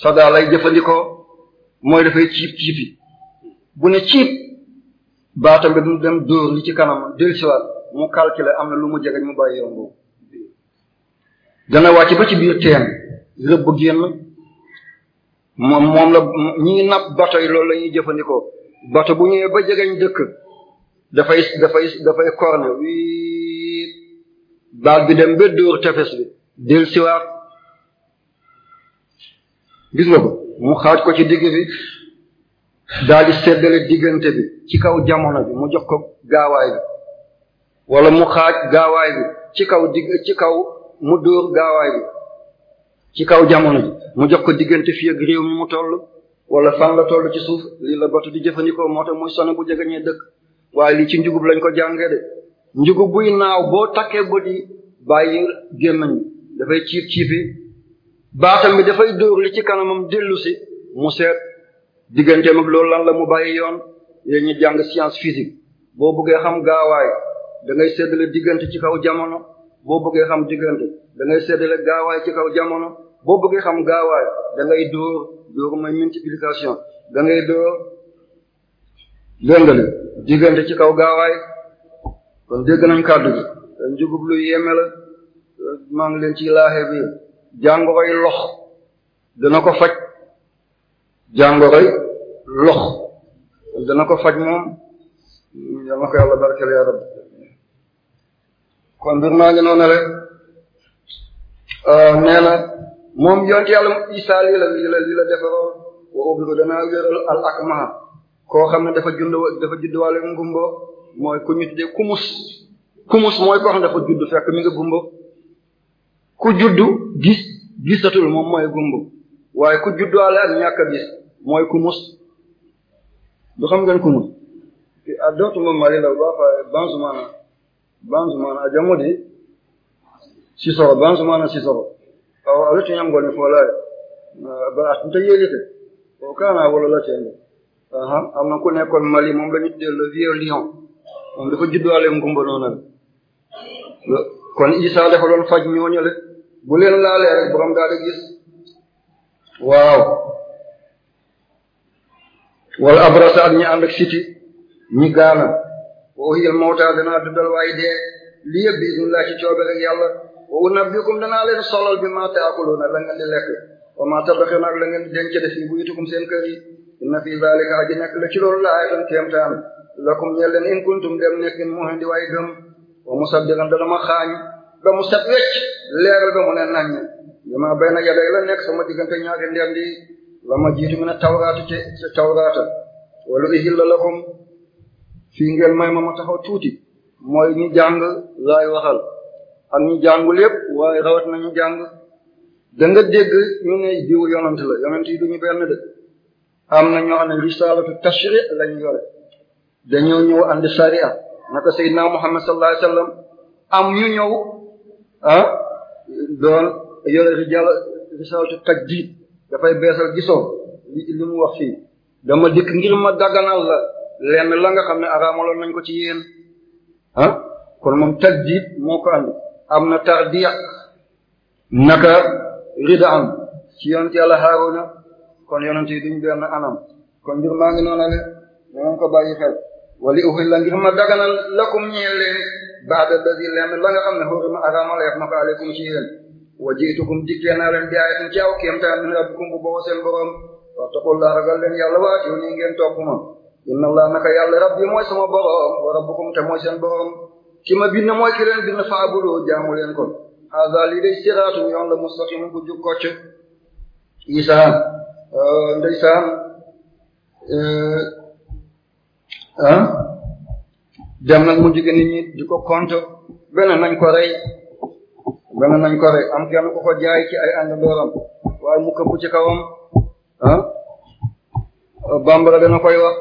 sada lay jëfandikoo mooy dafay ciip ciipi bu ne ciip baatam bi du dem dóor li ci kanam del siwaat mu calculer am na lu mu jegeñ mu bàyyi yoon boobu dana wàcc ba ci biir teen rëbb génn moom moom la ñi napp bato loolu la ñuy jëfandikoo bato bu ñëwee ba jegeñ dëkk dafay dafay dafay corne wii baat bi dem ba dóor tefes bi del siwaat gis nga ko mu xaaj ko ci digg bi daal di seddale diggante bi ci kaw jamono bi mu jox ko gaawaay bi wala mu xaaj gaawaay bi ci kaw digg ci kaw mu dóor gaawaay bi ci kaw jamono bi mu jox ko diggante fii ak réew mi mu toll wala fan la toll ci suuf lii la batu di jëfandikoo moo tax muy sone bu jegeñee dëkk waaye lii ci njugub lañ ko jàngee de njugub buy naaw boo takkee bët yi bàyyi gémmañ dafay ciif ciifi baatam bi dafay dóor li ci kanamam dellu si mu seet digganteem ak loolu lan la mu bàyyi yoon yéen ñu jàng science physique boo bëggee xam gaawaay dangay ngay diggante ci kaw jamono boo buggee xam diggante da ngay séddale gaawaay ci kaw jamono boo bëggee xam gaawaay da ngay dóor dóor mooy multiplication da ngay dóor déngali diggante ci kaw gaawaay kon dégg nañ kàddu gi njugub lu yéeme la maa ngi leen ci laaxe bi jàngoroy lox dana ko faj jàngoroy lox dana ko faj moom yal na ko yàlla barkeel kon bir maa ngi moom yonent yàlla Isaa lii la lii la lii la defaroo wa ubbiru danaa wéral al koo xam ne dafa jund dafa judd wàlle ngumba mooy ku ñu tuddee kumus kumus mooy koo xam ne dafa judd fekk mi nga gumba ku judd gis gisatul moom mooy gumba waaye ku judd wàlle ak ñàkk a mooy kumus du xam ngeen kumus a ah, dootuma mari la baafa banzumana banzumana a jamudi sisoro banzumana sisoro awalo tenyamgoni folaye ah, bana tunta yelite o kana wala la tende am na ku nekkoon Mali moom la ñu tuddee le vieux lion moom dafa juddaale ngumba noonu kon Isa dafa faj ñooñu le bu leen laalee rek borom daal di gis waaw wala abrasa ak ñi ànd ak ñi gaana wa uhyil danaa dundal waaye dee li yëpp ci coobere ak yàlla wa unabbikum danaa leen solal bi ma taakuluna la ngeen di lekk wa ma tabaxina ak la ngeen di denc def yi buyutukum seen kër yi inna fi zalika aji nekk la ci loolu laaye tan kéemtaan lakum ñeel leen in kuntum dem nekkin muhin di waay gëm wa musaddiqan dana ma xaañ ba mu set wecc leeral ba mu ne nañ bi ma bay na yaday la nekk sama diggante ñaari ndem di la ma jiitu mi ne tawraatu ci tawraata wala uhilla lakum fii ngeen may ma ma taxaw tuuti mooy ñu jàng laay waxal ak ñu jàngul waaye rawat nañu jàng da nga dégg ñu ne jiw yonent la yonent yi duñu benn de am na ñoo xam ne risalatu tashri lañu yore dañoo ñëw andi sariya naka sayyidina Muhammad sallallahu alayhi ah, doon yore risalatu tajdid dafay beesal gisoo li mu wax fii dama dikk ngir ma daganal la lenn la nga xam ne araamaloon nañ ko ci yéen ah, kon moom tajdid moo ko andi am na tardiya naka rida am ci yonent yàlla Haaruna kon yonent yi duñ anam kon mbir maa ngi noonale na ngeen ko bàyyi xel wali uhilla ngir ma daganal lakum ñeel leen ba'da dadi leen la nga na ko aleykum ci yéen wa jiitukum dikkee naa leen bi ayatin ci aw kéemtaan min rabbikum bu boo seen borom wattaqullaa ragal leen yàlla waatiw nii ngeen topp ma inna allah naka yàlla rabbi mooy sama borom wa rabbukum te mooy seen borom ki ma bind mooy ki leen bind faabudoo kon hada lii day siraatu yoon la mustaqim bu jub kocc isaan euh, ndeysaan euh, ah dem nag mu jigéen nit ñi di ko nañ ko rey benn nañ ko am kenn ku ko jaay ci ay àndandooram waaye mu këpp kawam ah bambara dana koy wax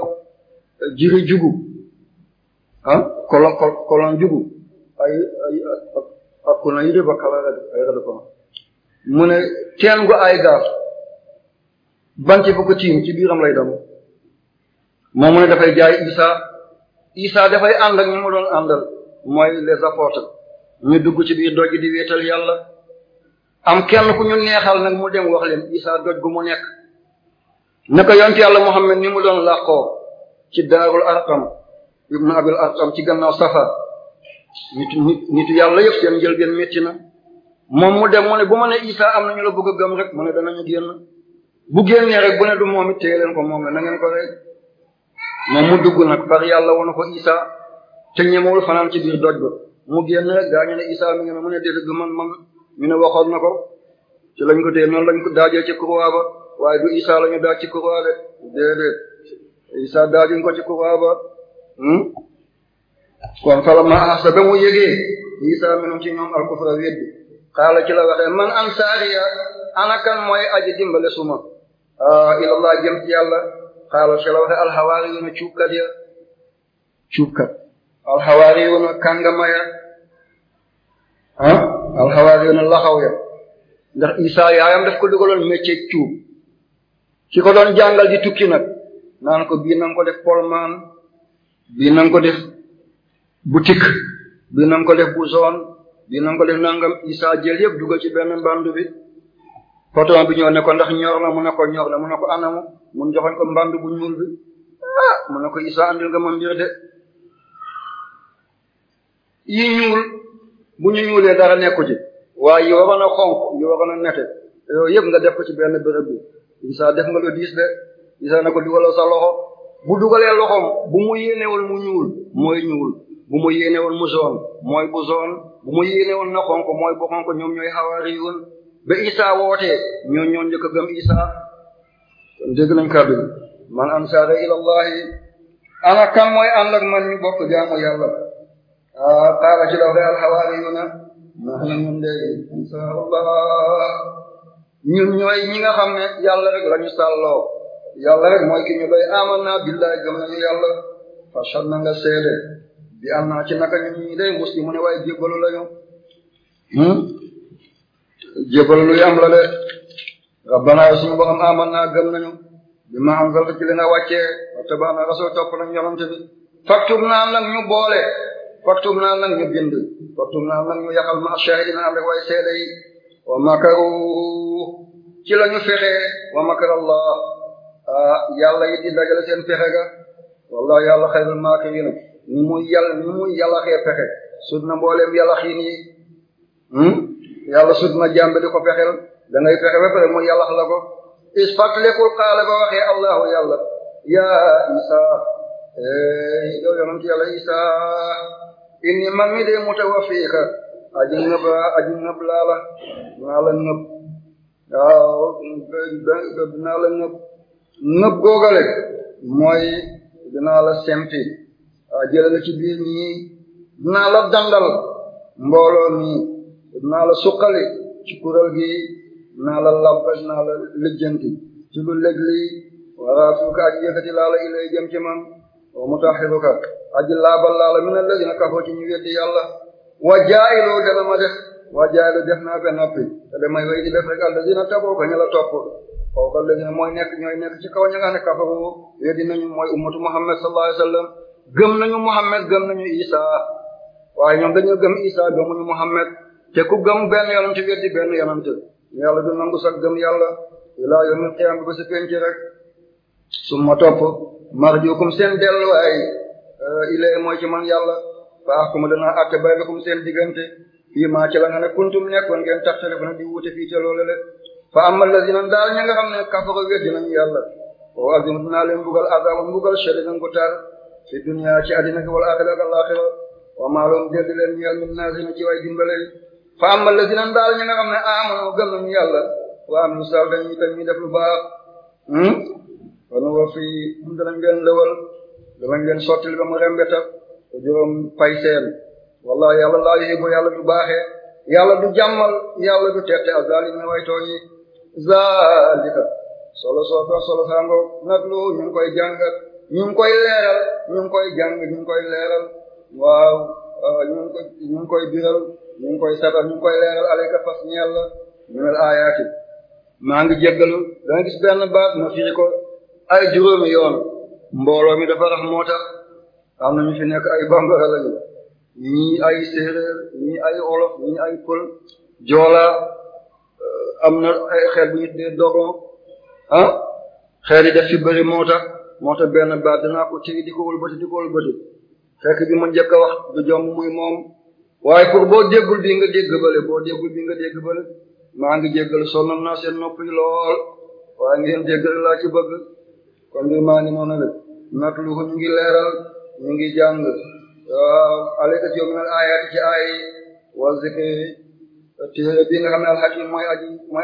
jiri jugu ah kolon kolon jugu ay ay ak kolon yi de ba kala yɛrɛ kɔnɔ mu ne teen gu ay gaaf banque bu tiim ci biiram lay doon moom mu ne dafay jaay Isa Isa dafay ànd ak ñu mu doon àndal mooy les apôtres ñu dugg ci biir doj di wéetal yàlla am kenn ku ñu neexal nag mu dem wax leen Isa doj gu mu nekk naka yont yàlla Muhammad ni mu doon làqoo ci daarul arqam ibnu abil aslam ci gannaaw safar nit nit nitu yàlla yëpp seen njëlbeen métti na moom mu dem mu ne bu ma isa am nañu la bëgg a gëm rek mu ne danañu génn bu génnee rek bu ne du moom it téye leen ko moom la na ko rek moom mu dugg nag par yàlla woon ko isa te ñemewul fanaan ci biir doj ba mu génn rek gaa ñu ne isa mi ngi ne mu ne déedéet du man man ne waxoon na ko ci lañ ko dee noonu lañ ko daajee ci croix ba waaye du isa la ñu daaj ci croix de isa daajuñ ko ba Hmm? kon falama ahassa ba mu yëgee isa minum ci ñoom alkufra weddi xaala ci la waxee man ansaariya anakan mooy aji dimbale suma ah, ilallah jëm ci yàlla xaala ci la waxee alxawaari yu na cuubkat ya cuubkat alxawaari yu na kàngama ya ah alxawaari na laxaw ya ndax isa yaayam daf ko dugaloon métier cuub ki ko doon jàngal di tukki nag naan ko bii nanga ko def polman bii na ko def boutique bii na ko def bu zone bii na ko def nangam isaa jël yëpp dugal ci benn mbandu bi patron bi ñëw ne ndax ñor na mu ne ko na mu ne ko anamu mun joxoñ ko mbandu bu ñuul bi ah mu ne ko isaa andil nga ma mbir de yi ñuul bu ñuulee dara nekku ci waaye yi waroon a xonq yi waroon a yooyu yëpp nga def ko ci benn bërëb bi isaa def nga lu diis de isaa ne ko dugaloo sa loxo bu dugalee loxoom bu mu yéenewoon mu ñuul mooy ñuul bu mu yéenewoon mu zone mooy bu zone bu mu yéenewoon na xonk mooy bu xonk ñoom ñooy xawaariyun ba Isa wootee ñoo ñoo njëkk a gëm Isa dégg nañ kàddu man ansaara ilallahi ana kan mooy ànd ak man ñu bokk jaamu yàlla ah qaala ci law de alxawaariyuna nahnu ñun de insa allah ñun ñooy ñi nga xam ne yàlla rek la ñu sàlloo yàlla rek mooy ki ñu doy aman naa billaay gëm nañu yàlla fashad nga seede bi am naa ci naka ñun ñi day muslim mu ne waaye jébbalu lañu hmm? jébbalu luy am la de rabbana yo suñu borom aman naa bi ma anzalta ci li nga wàccee wattabaana rasul topp nañ yonante bi faktub naa nag ñu boole faktub naa nag ñu bind faktub naa nag ñu yaqal ma shahidina am rek seede wa makaru ci la fexe wa makar allah Ah, yàlla it di dajale seen pexe ga wallahi yàlla xayrul maakiriina ni muy yàlla ni muy yàllaxee pexe sut na mbooleem yàlla xiin yi hmm? yàlla sut na jàmbe di ko pexel da ngay pexe ba pexe mu yàllax la ko is fatlekul xaala ba waxee allahu yàlla yaa isa yow yonent yàlla man mi de mutawaffiika aji ngëb aji laa la naa la ngëb waaw naa la ngëb nëb googale mooy dinaa la sempi ah, jële la ci biir ñii dinaa la dangal mbooloo mi dinaa la suqali ci kural gi dinaa la labba dinaa la lijjanti ci lu lég lii waraafuka aji yëkkati laal la ilay jëm ci man wa mutahiruka aji laabal laa la min alladina kafoo ci ñu weddi yàlla wa jaayiloo dana ma def wa jaayiloo def naa ba noppi te damay way di def rek alladina taboo ko ñu la topp kooku lañu mooy nekk ñooy nekk ci kaw ña nga ne kafaru weddi nañu mooy ummatu muhammad sallallahu alayhi wasallam gëm nañu muhammad gëm nañu isa waaye ñoom dañoo gëm isa gëmuñu muhammad te ku gëm benn yonent weddi benn yonent yàlla du nangu sax gëm yàlla ilaa yawmil qiyaama ba sa penc rek summa topp marjukum seen delluwaay euh, ilay mooy ci man yàlla fa axkuma danaa atte baynakum seen diggante fii maa ci la nga ne kuntum nekkoon ngeen taxtale bana di fii te fa amal lazina daal ña nga xam ne kafaru weddi nañu yàlla wa azim naa leen mbugal azaban mbugal shadidan gu tar fi dunya ci addina wal axira ak alaxira wa maalum deldi leen ñeel naasina ci way dimbale fa amal lazina daal ña nga xam ne aamanu gëm nañu yàlla wa amilu sal dañu itam ñu lu baax wanu hmm? wa fii um danañ leen lëwal danañ leen sottil ba mu wa juróom pay seen wallahi yàlla laa yuhibbu yàlla du baaxee yàlla du jàmmal yàlla du tette zalika solo soo solo sango naglu ñu ngi koy jàng ñu ngi koy leeral ñu ngi koy jàng ñu koy leeral waaw ah, ñu koy ñu ngi koy biral ñu ngi koy satal ñu koy leeral alayka fas ñeel minal ayaati maa ngi jéggalu danga gis benn baat ma firi ko ay juróomi yoon mbooloo mi dafa rax moo am na ñu fi nekk ay bambara lañu ñii ay séeréer ñii ay olof ñii ay pël joola am na ay xeer bu ñu dee doron ah xeer yi def ci bëri moo tax moo tax benn baat dinaa ko ci di ko wëlbati di ko wëlbati fekk bi ma njëkk a wax du jomb muy moom waaye pour boo déggul bi nga dégg bële boo déggul bi nga dégg bële maa ngi jéggal sonal naa seen nopp lool waaye ngeen jéggal laa ci bëgg kon bi maa ngi noonu rek nag lu ko ngi leeral ngi jàng alayka ci yow minal ayaati ci ay wa zikri téere bi nga mi ne alxakim mooy aji mooy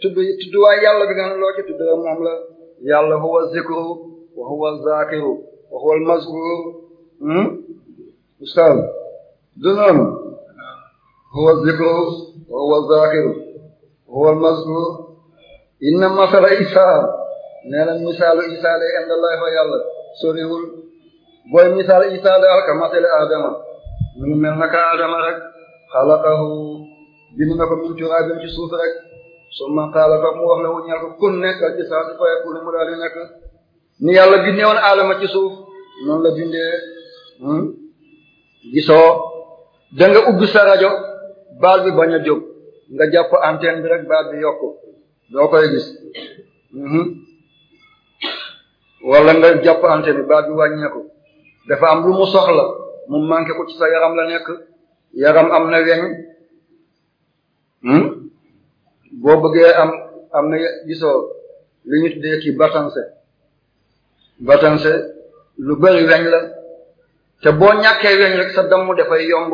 tudd tudd waay yàlla bi nga xam tudd rek moom la yàlla huwa zikru wa huwa zakiru wa huwa almazkur hmm? ustaz du noonu huwa zikru wa huwa zakiru wa huwa almazkur inna masala isa nee na misaalu isa la misaal isa daal ka masala adama mu xalaqahu bind na ko min turaabin ci suuf rek summa qaala ko mu wax la wu ñal ko kun nekk ni yàlla bindee woon aadama ci suuf noonu la bindee hmm? gisoo da nga ubbi sa rajo baal bi bañ a jóg nga jàpp antenne bi rek baal bi yokku doo koy gis hmm? wala nga jàpp antenne bi baal bi wàññeeku dafa am lu mu soxla mu manqué ko ci sa yaram la nekk yaram am na weñ hmm? boo bëggee am am na gisoo li ñu tuddee ci batanse batanse lu bëri weñ la te boo ñàkkee weñ rek sa damm dafay yomb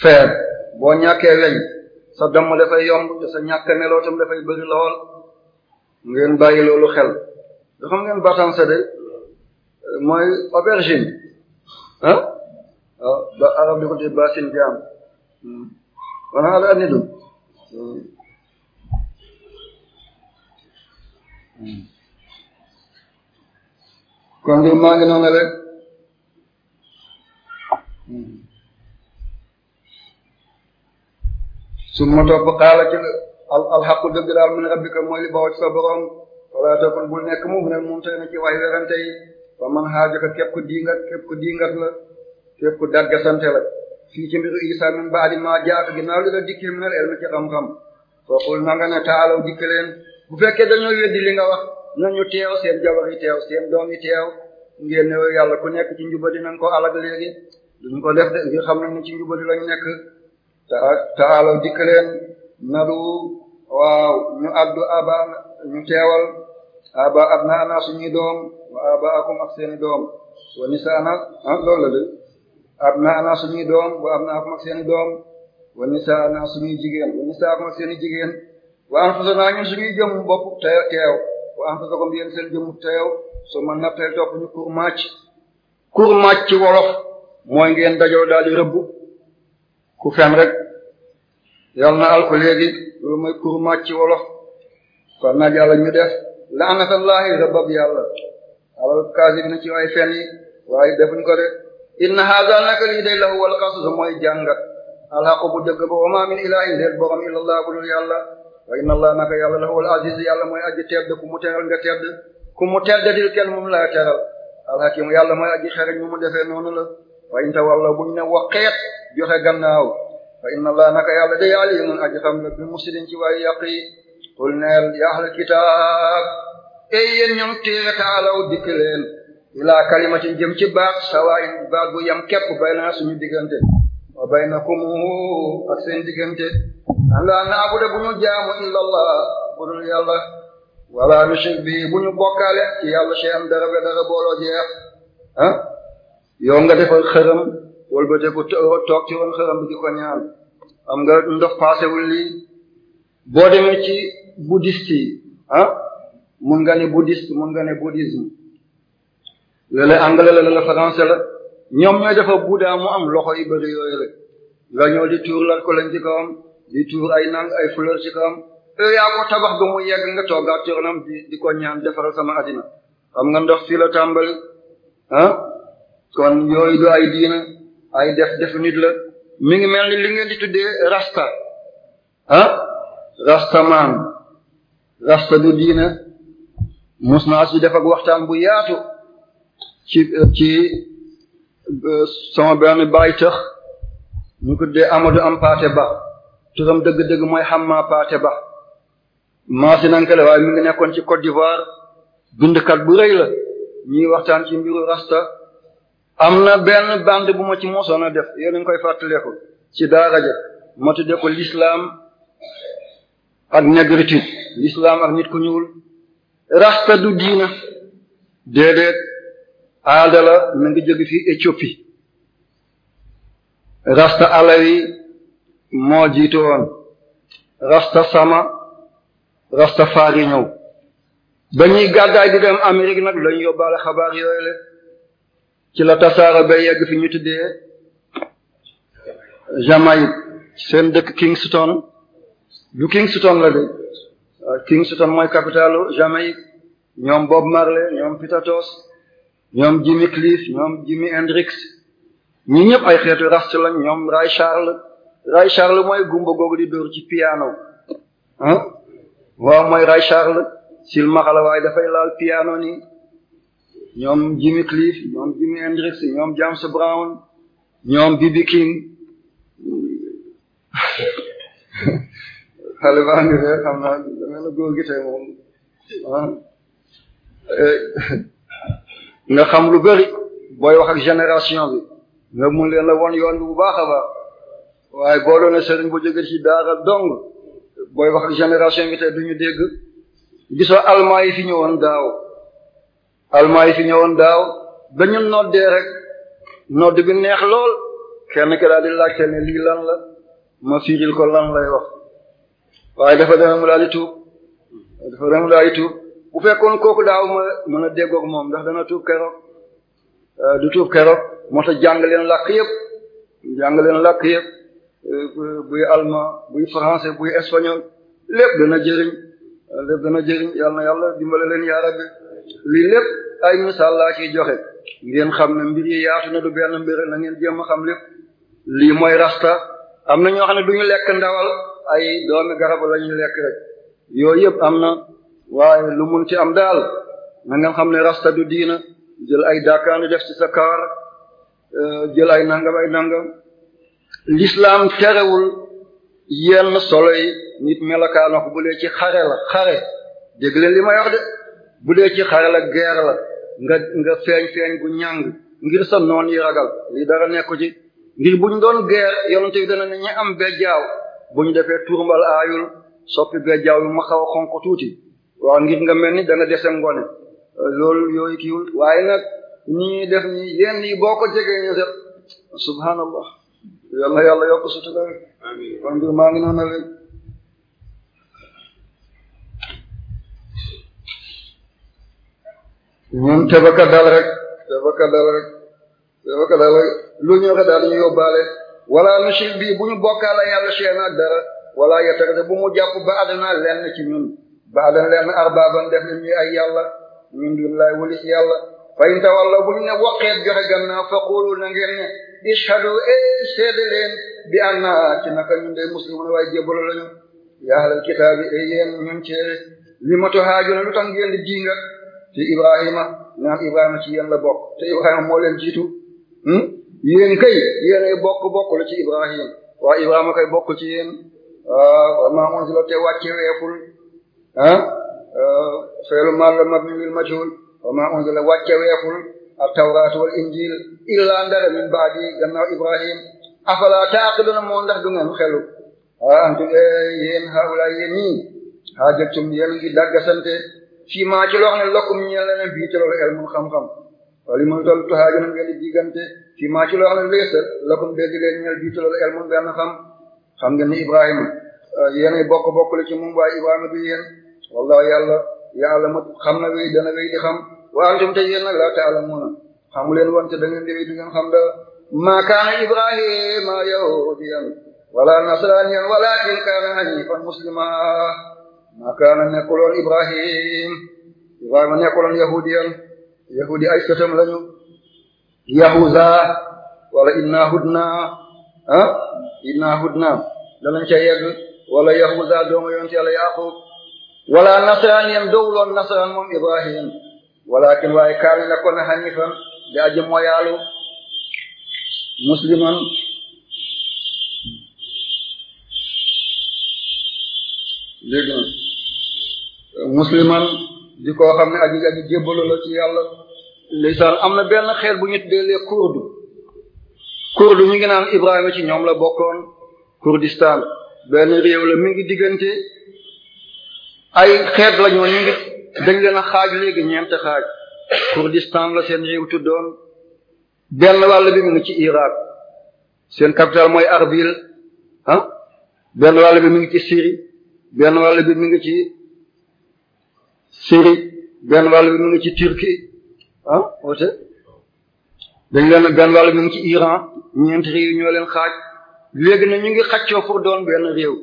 feer boo ñàkkee weñ sa damm dafay yomb te sa ñàkk meloo tam dafay bëri lool ngeen bàyyi loolu xel da xam ngeen batanse de mooy aubergine ah ba arab di ko di basin jaam hmm. wana ala anidu hmm. kon di maa ngi noonu rek hmm. su ma topp xaala ci al alxaqu dëgg daal min rabbika mooy li bawoo ci sa borom wala takun bul nekk mu ne moom tey na ci wax werante fa man xaajaka képp ku diingat képp ku la fépp daggasante la fii ci mbiru isa min baadi ma jaaka ginnaaw li la dikkee minal elmi ci xam-xam foqul na nga ne taalaw dikk leen bu fekkee dañoo weddi li nga wax nañu teew seen jabar yi teew seen doom yi teew ngeen ne yàlla ku nekk ci njubadi nañ ko alag léegi duñ ko def de ngir xam na ne ci njubadi lañu nekk ta taalaw dikk leen naru waaw ñu addu aba ñu teewal aba abna ana suñuy doom wa aba akum ak seeni doom wa nisaana ah loolu la de ab naa naa suñuy doom wa ab naa kuma seen i doom wa nisaa naa suñuy jigéen wa nisaa kuma seen i jigéen wa anfusa naa ñun suñuy jëm bopp teew teew wa anfusa ko yéen seen jëm teew su man na tey topp ñu kur màcc kur màcc wolof mooy ngeen dajoo daal di rëbb ku fen rek yàlla na alko léegi loolu mooy kur màcc ci wolof kon na ci waay fen yi waaye defuñ ko de inna hada naka lii day lahu wal qasas mooy jàng alxaqu bu dëgg ba wama min ilahin déet borom illallah bu dul yàlla wa inna allah naka yàlla lahu al aziz yàlla mooy aji tedd ku mu teral nga tedd ku mu tedd dil kenn moom laa teral alxakimu yàlla mooy aji xereñ mu mu defee noonu la wa inta walla buñ ne waqeet joxe gannaaw fa inna allah naka yàlla day alimun aji xam la bi musidin ci waaye yàq yi qul neel ya ahlal kitaab ey yéen ñoom téere taalaw dikk leen ilaa kalimatin jëm ci baax sawaa in baat bu yam képp bay naa suñu diggante wa bay na kum ak seen diggante an laa naabuda bu ñu jaamu illallah bu dul yàlla wala nushrik bi bu ñu bokkaale ci yàlla sey am dara ba dara booloo jeex ah yow nga defal xërëm wala ba dégg toog ci woon xërëm di ko ñaan am nga ndox paasewul lii boo demee ci bouddhiste yi ah mun nga ne bouddhiste mun nga ne bouddhisme léeg-léeg la léeg-léeg français la ñoom ñooy dafa buudaa mu am loxo yi bëri yooyu la nga ñëw di tuur lar ko lañ ci kawam di tuur ay nang ay fleur ci kawam te yaa tabax ba mu yegg nga toogaat coonam di di ko ñaan defaral sama addina xam nga ndox fii la tàmbali ah kon yooyu du ay diina ay def def nit la mi ngi mel ni li ngeen di tuddee rasta ah rasta maan rasta du diina mus naa si def waxtaan bu yaatu ci ci sama benn baay tëx ñu tuddee Amadou am paate ba turam dëgg-dëgg mooy Hamma paate ba maasi nankale waaye mi ngi nekkoon ci Côte d'Ivoire bindkat bu rëy la ñuy waxtaan ci mbiru rasta am na benn bande bu ma ci mosoon a def yéen ngi koy fàttaleeku ci daara ja ma tuddee ko l'islam ak négritude l'islam ak nit ku ñuul rasta du diina déedéet aada la mi ngi jóge fii Éthiopie rasta alawi moo jiite woon rasta sama rasta faari ñëw ba ñuy gàddaay di dem Amérique nag lañu yóbbaale xabaar yooyu la ci la tasaara ba yegg fi ñu tuddee Jamaïque seen dëkk Kingston du Kingston la de Kingston mooy capitalu Jamaïque ñoom Bob Marley ñoom Pitatos ñoom Jimmy Cliff ñoom Jimi Hendrix ñi ñëpp ay xeet rast lañ ñoom Ray Charles Ray Charles mooy gumba googu di dóor ci piano ah waaw mooy Ray Charles silmaxala waaye dafay laal piano ni ñoom Jimmy Cliff ñoom Jimi Hendrix ñoom James Brown ñoom B.B. King xale baa ngi ree xam naa dama la góor gi tey moom nga xam lu bëri booy wax ak génération bi nga mun leen la won yoon bi bu baax a baax waaye boo doone sëriñ bu jóge ci daara dong booy wax ak génération bi tey duñu dégg gisoo allemand yi fi ñëwoon daaw allemand yi fi ñëwoon daaw dañu noddee rek nodd bi neex lool kenn ki daal di laajte ne lii lan la ma firil ko lan lay wax waaye dafa demee mu daal di tuub dafa demee mu daal di tuub bu fekkoon kooku daaw ma mën a déggoog moom ndax dana tuub keroog euh, du tuub keroog moo tax jàng leen làkk yëpp jàng leen làkk yëpp euh, buy allemand buy français buy espagnol lépp dana jëriñ lépp dana jëriñ yàlla na yàlla dimbale leen yaa rabbi lii lépp ay misaal laa ciy joxe ngeen xam ne mbir yi yaatu na du benn mbir na ngeen jéem a xam lépp lii mooy rasta am na ñoo xam ne du lekk ndawal ay doomi garabu la ñuy lekk rek yooyu yëpp am na waaye lu mun ci am daal na nga xam ne rasta du diina jël ay daakaanu def ci sa kaar euh, jël ay nangam ay nangam l'islam terewul yenn solo yi nit melokaano bu dee ci xare la xare dégg leen li may wax de bu dee ci xare la guerre la nga nga feeñ feeñ bu ñàng ngir sa noon yi ragal lii dara nekku ci ngir buñ doon ger guerre yonente bi dana ne ñi am bejjaaw bu ñu defee turmbal aayul soppi bejjaaw yu ma xaw a xonq tuuti waaw ngir nga mel ni da nga dese ngone loolu yooyu kiiwul waaye nag ñii def ñi yenn yi boo ko jegee ñu def subhanallah yàlla yàlla yokk sutura rek kon maa ngi noonu rek ñun tebaka dal rek tebaka dal rek tebaka dal rek lu ñu wax daal ñu yóbbaale wala nushrik bu ñu bokkaale yàlla seen ak dara wala yettarate bu mu jàpp ba adana lenn ci ñun ba'dan leen arbaaban def nañu ay yàlla min dunillahi wulis yàlla fa in tawalla bu ñu ne waqeet joxe gannaaw fa qulu na ngeen ne ishhadu e seede leen bi anna ci naka ñun day muslimun waaye jébbalu lañu yaa ahlal kitaabi e yéen ñun teere li ma tuhaajuna lu tax ngeen di diinga ci Ibrahima naan Ibrahima ci yéen la bokk te Ibrahima moo hmm? ci Ibrahima waa Ibrahima kay bokk ci yéen waaw maa unzila te wàcce weeful ah feelu maal la mabni lil majhul wa ma unzila wàcce weeful at-tawrat wal injil illa ndara min baadi gannaaw ibrahim afala taqiluna moo ndax du ngeen xelu a antu eh, yéen haula yéen ñii hajjatum yéen ngi daggasante fii maa ci loo xam ne lokkum ñeel na bii ci loolu xam-xam fii maa loo xam ne léesa lokkum dégg leen ñeel bii ci loolu elmul benn xam xam ngeen ni ibrahim eh, yéen bokk bokk la ci wallah yàlla yàlla ma xam na wéy dana wéy di xam wa antum te yéen nag laa ta'lamuna xamu leen wante da ngeen di wéy di ngeen xam dara maa kaana ibrahima yahudiyan wala nasraniyan walakin kaana hanifan muslima maa kaana nekkuloon ibrahim ibrahima nekkuloon yahudiyan yahudi ay sëtam lañu yahuza wala inna hudna ah inna hudna danañ ca yegg wala yahuza doomu yonte yàlla yaqub wala nasaraaniyam dowuloon nasaraan moom ibrahim walakin waaye kaana nekkoon na xanifan di aji moyaalu musliman dégg musliman di xam ne aji aji jébbalu la ci yàlla lisaan am na benn xeel bu ñu tuddee les kurdu kurdu ñu ngi naan ibrahima ci ñoom la bokkoon kurdistan benn réew la mi ngi diggante ay xeet la ñoo ñu ngi dañ leen a xaaj léegi ñeente xaaj Kurdistan la seen réew doon benn wàll bi mu ngi ci Irak seen capitale mooy Arbil ah benn wàll bi mu ngi ci Syrie benn wàll bi mu ngi ci Syrie benn wàll bi mu ngi ci Turquie ah oote dañ leen benn wàll bi mu ngi ci Iran ñeenti réew ñoo leen xaaj léegi na ñu ngi xaccoo pour doon benn réew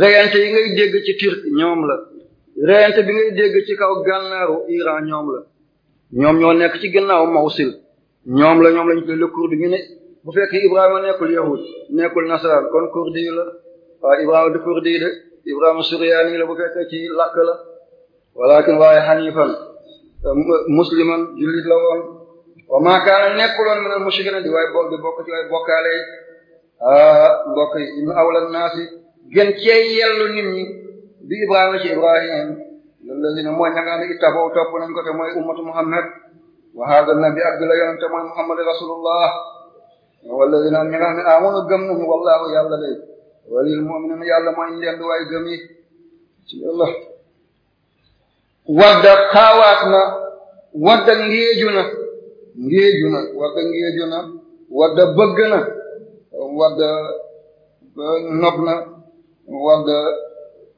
reyante yi ngay dégg ci Turquie ñoom la reyante bi ngay dégg ci kaw gànnaaru Iran ñoom la ñoom ñoo nekk ci gannaaw Mawsil ñoom la ñoom lañ koy le kurdi ñu ne bu fekk fekkee Ibrahima nekkul yahud nekkul nasaraan kon kurdi yi la waaw Ibrahima du kurdi de Ibrahima suryaani la bu fekkee ci làkk la walakin waaye hanifan musliman jullit la woon wa ma kaana nekkuloon min al mushrikiina di waaye bokk di bokk ci waaye bokkaale yi ah mbokk yi ibnu awla naasi gën cee yellu nit ñi bi ibrahima ci ibrahim lallazina mooy ña nga xam ne ittabaw topp nañ ko te mooy ummatu muhammad wa hada nabi abdullah yonam te mooy muhammad rasulullah wallazina ña nga xam ne amanu gëm nañu wallahu yàlla lay walil mu'minina yàlla mooy ñu leen di waay gëm yi ci yàlla wadda xaawaat na wadda ngéeju na ngéeju na wadda ngéeju na wadda bëgg na wadda nob na wala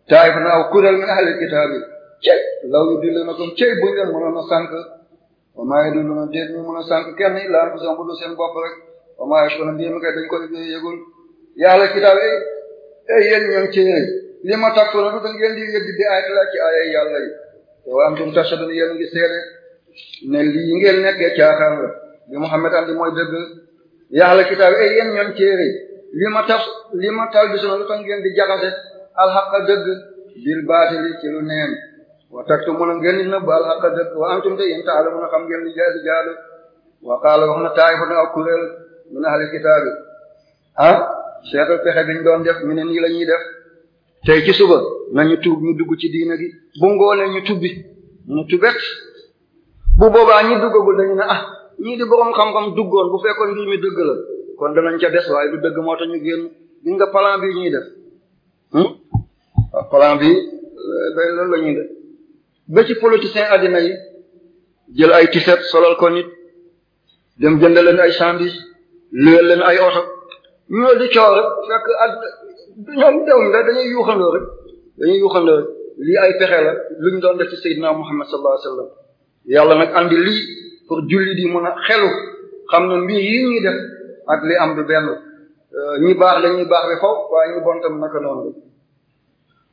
taayifatan aw kuréel min ahlil kitaab yi cey law yu dille na comme cey buñ leen mënoon a sànq wa maa yadulluuna déet ñu mën a sànq kenn illa anfusahum bu dul seen bopp rek wa maa yash'uruuna bi mi kay dañ ko def yëgul yaa ahlal kitaab yi ñoom ci yéen li ma takkuuna du da ngeen di yëddi bi ayat la ci aaya yàlla yi te wa antum tashhaduuna yéen ngi seede ne lii ngeen nekkee caaxaan la bi Muhammad andi mooy dëgg yaa ahlal kitaab yi ñoom ci li ma tas li ma tal bi lu tax ngeen di jaxase alxaqa dëgg bil baatili ci lu neen wa taktumuna ngeen di nëbb alxaqa dëgg wa antum te yéen ta'lamuna xam ngeen li jaadu jaadu wa qaala wax na ta'ifatun ak kuréel min ahli kitaabi ah seetal pexe bi ñu doon def ñu ne nii la ñuy def tey ci suba nañu tuub ñu dugg ci diina gi bu ngoonee ñu tubbi ñu tubet bu boobaa ñi duggagul dañu ne ah ñii di borom xam-xam duggoon bu fekkoon lii mi dëgg kon danañ ca des waaye du dëgg moo tax ñu génn di nga plan bi ñuy def hmm? waaw plan bi day euh, loolu la ñuy def ba ci politicien addina yi jël ay tiset solal ko nit dem jënd leen ay sandwich luyal leen ay oto ñoo di coow rek fekk addina ñoom dewuñ dañuy yuuxandoo rek lii ay pexe la luñ doon def ci Seydina Muhammad sallallahu alayhi wasallam yàlla nag andi lii pour julli di mën a xelu xam ne mbir yi ñuy def ak li am du benn euh, ñi baax la ñuy baax bi faw waaye ñu bon tam naka noonu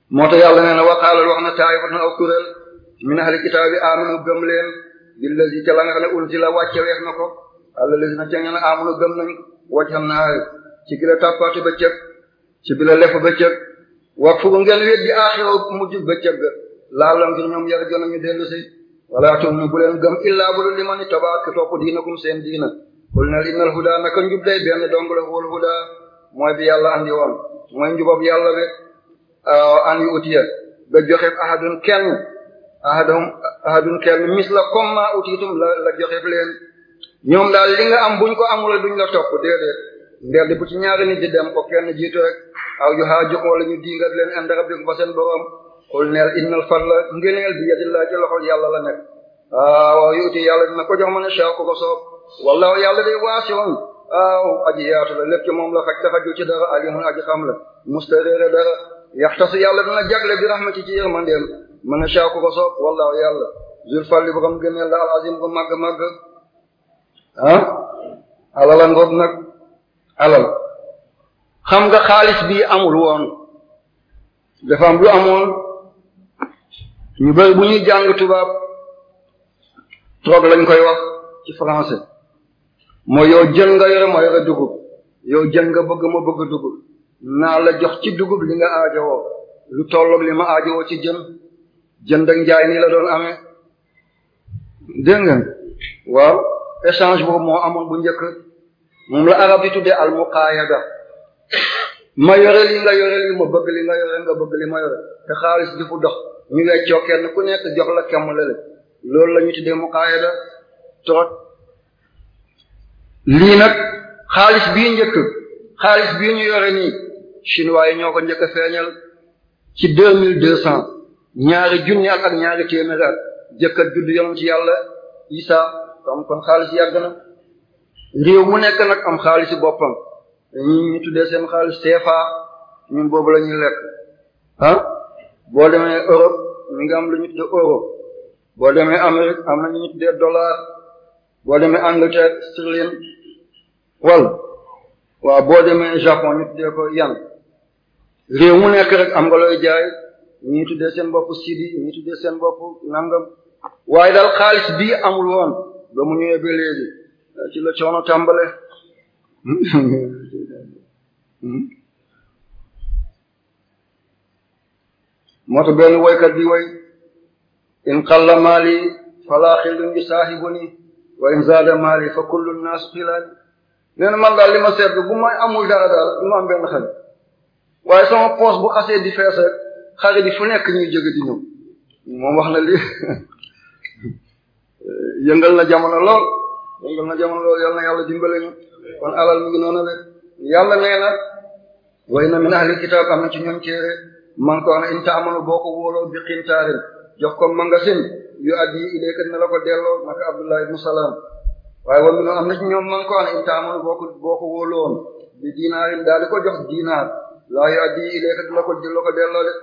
moo tax yàlla nee na waqaalal wax na taayifatun aw kuréel min ahli kitaabi amanu gëm leen billazi ca la nga xam unzila wàcce weef na ko allazina ca ngeen amanu gëm nañ wàcc xam ci bi la ba bëccëg ci bi la lefu bëccëg wax fu ngeen wéet di aaxira mujj bëccëg laala ngir ñoom yar jonañu dellu si wala tuum bu leen gëm illaa bu dul limani tabaaki topp diinakum seen diina xul nal innal huda naka njub day benn dong la wal huda mooy bi yàlla andi woon mooy njubab yàlla be euh, an yu utiya ba joxeeb ahadun kenn ahadum ahadun kenn mis la comme ma utiitum la la joxeeb leen ñoom daal li nga am buñ ko amul duñ la topp déedéet ndeer di bu ci ñaari ni di dem ko kenn jiito rek aw yu xaa jox wala ñu dingat leen inda rabbikum fa seen borom xul neel innal la ngëneel bi yadillah ji loxol yàlla la nekk waaw yuuti yàlla dina ko jox mën a ko ko soob wallahu yàlla day waasiwoon waaw aji yaatu la lépp ci moom la faj taxaju ci dara alimun aji xam la mustaréere dara yaxtasu yàlla dana jagle bi rahmati ci yërmandeel mën a shaaku ko soob wallahu yàlla zul falli borom gëneel la al azim bu màgg màgg ah alala ngoog nag alal xam nga xaalis bi amul woon dafa am lu amoon ñu bu ñuy jàng tubaab troog lañ koy wax ci français moo yow jën nga yore ma yore dugub yow jën nga bëgg ma bëgg dugub naa la jox ci dugub li nga aajowoo lu tolloog li ma aajowoo ci jën jën ak njaay nii la doon ame dégg nga waaw échange boobu moo amoon bu njëkk moom la arab yi tuddee al muqaayada ma yore li nga yore li ma bëgg li nga yore nga bëgg li ma yore te xaalis di fu dox ñu weccoo kenn ku nekk jox la kemm la loolu la ñu tuddee muqaayada trop lii nag xaalis bi njëkk xaalis bii ñu yore nii chinois yi ñoo ko njëkk a feeñal ci deux mille deux ñaari junni ak ñaari téeméer at jëkkat judd yonent ci yàlla isa am kon xaalis yàgg na réew mu nekk nag am xaalisi boppam ñun ñu tuddee seen xaalis CFA ñun boobu la ñuy lekk ah boo demee Europe ñu ngi am lu tuddee euro boo demee Amérique am na ñu ñu tuddee dollar boo demee Angleterre sterling wol waaw boo demee Japon ñu tuddee ko yan réew mu nekk rek am nga looy jaay ñu tuddee seen bopp sidi ñu tuddee seen bopp nangam waaye daal xaalis bii amul woon ba mu ñëwee ba léegi ci la coono tàmbale moo tax benn woykat bi woy in qalla maali falaa xillun yusaahibu nii wa in zaada maali fa kullu naas xilaali nee na man daal li ma seetlu bu may amul dara daal du ma am benn xarit waaye sama poos bu xasee di fees rek xarit fu nekk ñuy jóge di ñëw moom wax na li yëngal na jamono lool yëngal na jamono lool yal na yàlla dimbale ñu kon alal mi ngi noonu rek yàlla nee na way na min ahli kitaab am na ci man ko ana in taamanu boo ko wóoloo bi qintaarin jox ko magasin yu addi ilayka dina la ko delloo naka Abdullah ibn Salam waaye wam am na ci ñoom man ko an intaamon boo ko boo bi dinaarin daal di ko jox dinaar laa yu addi ilayka dina la ko la ko delloo de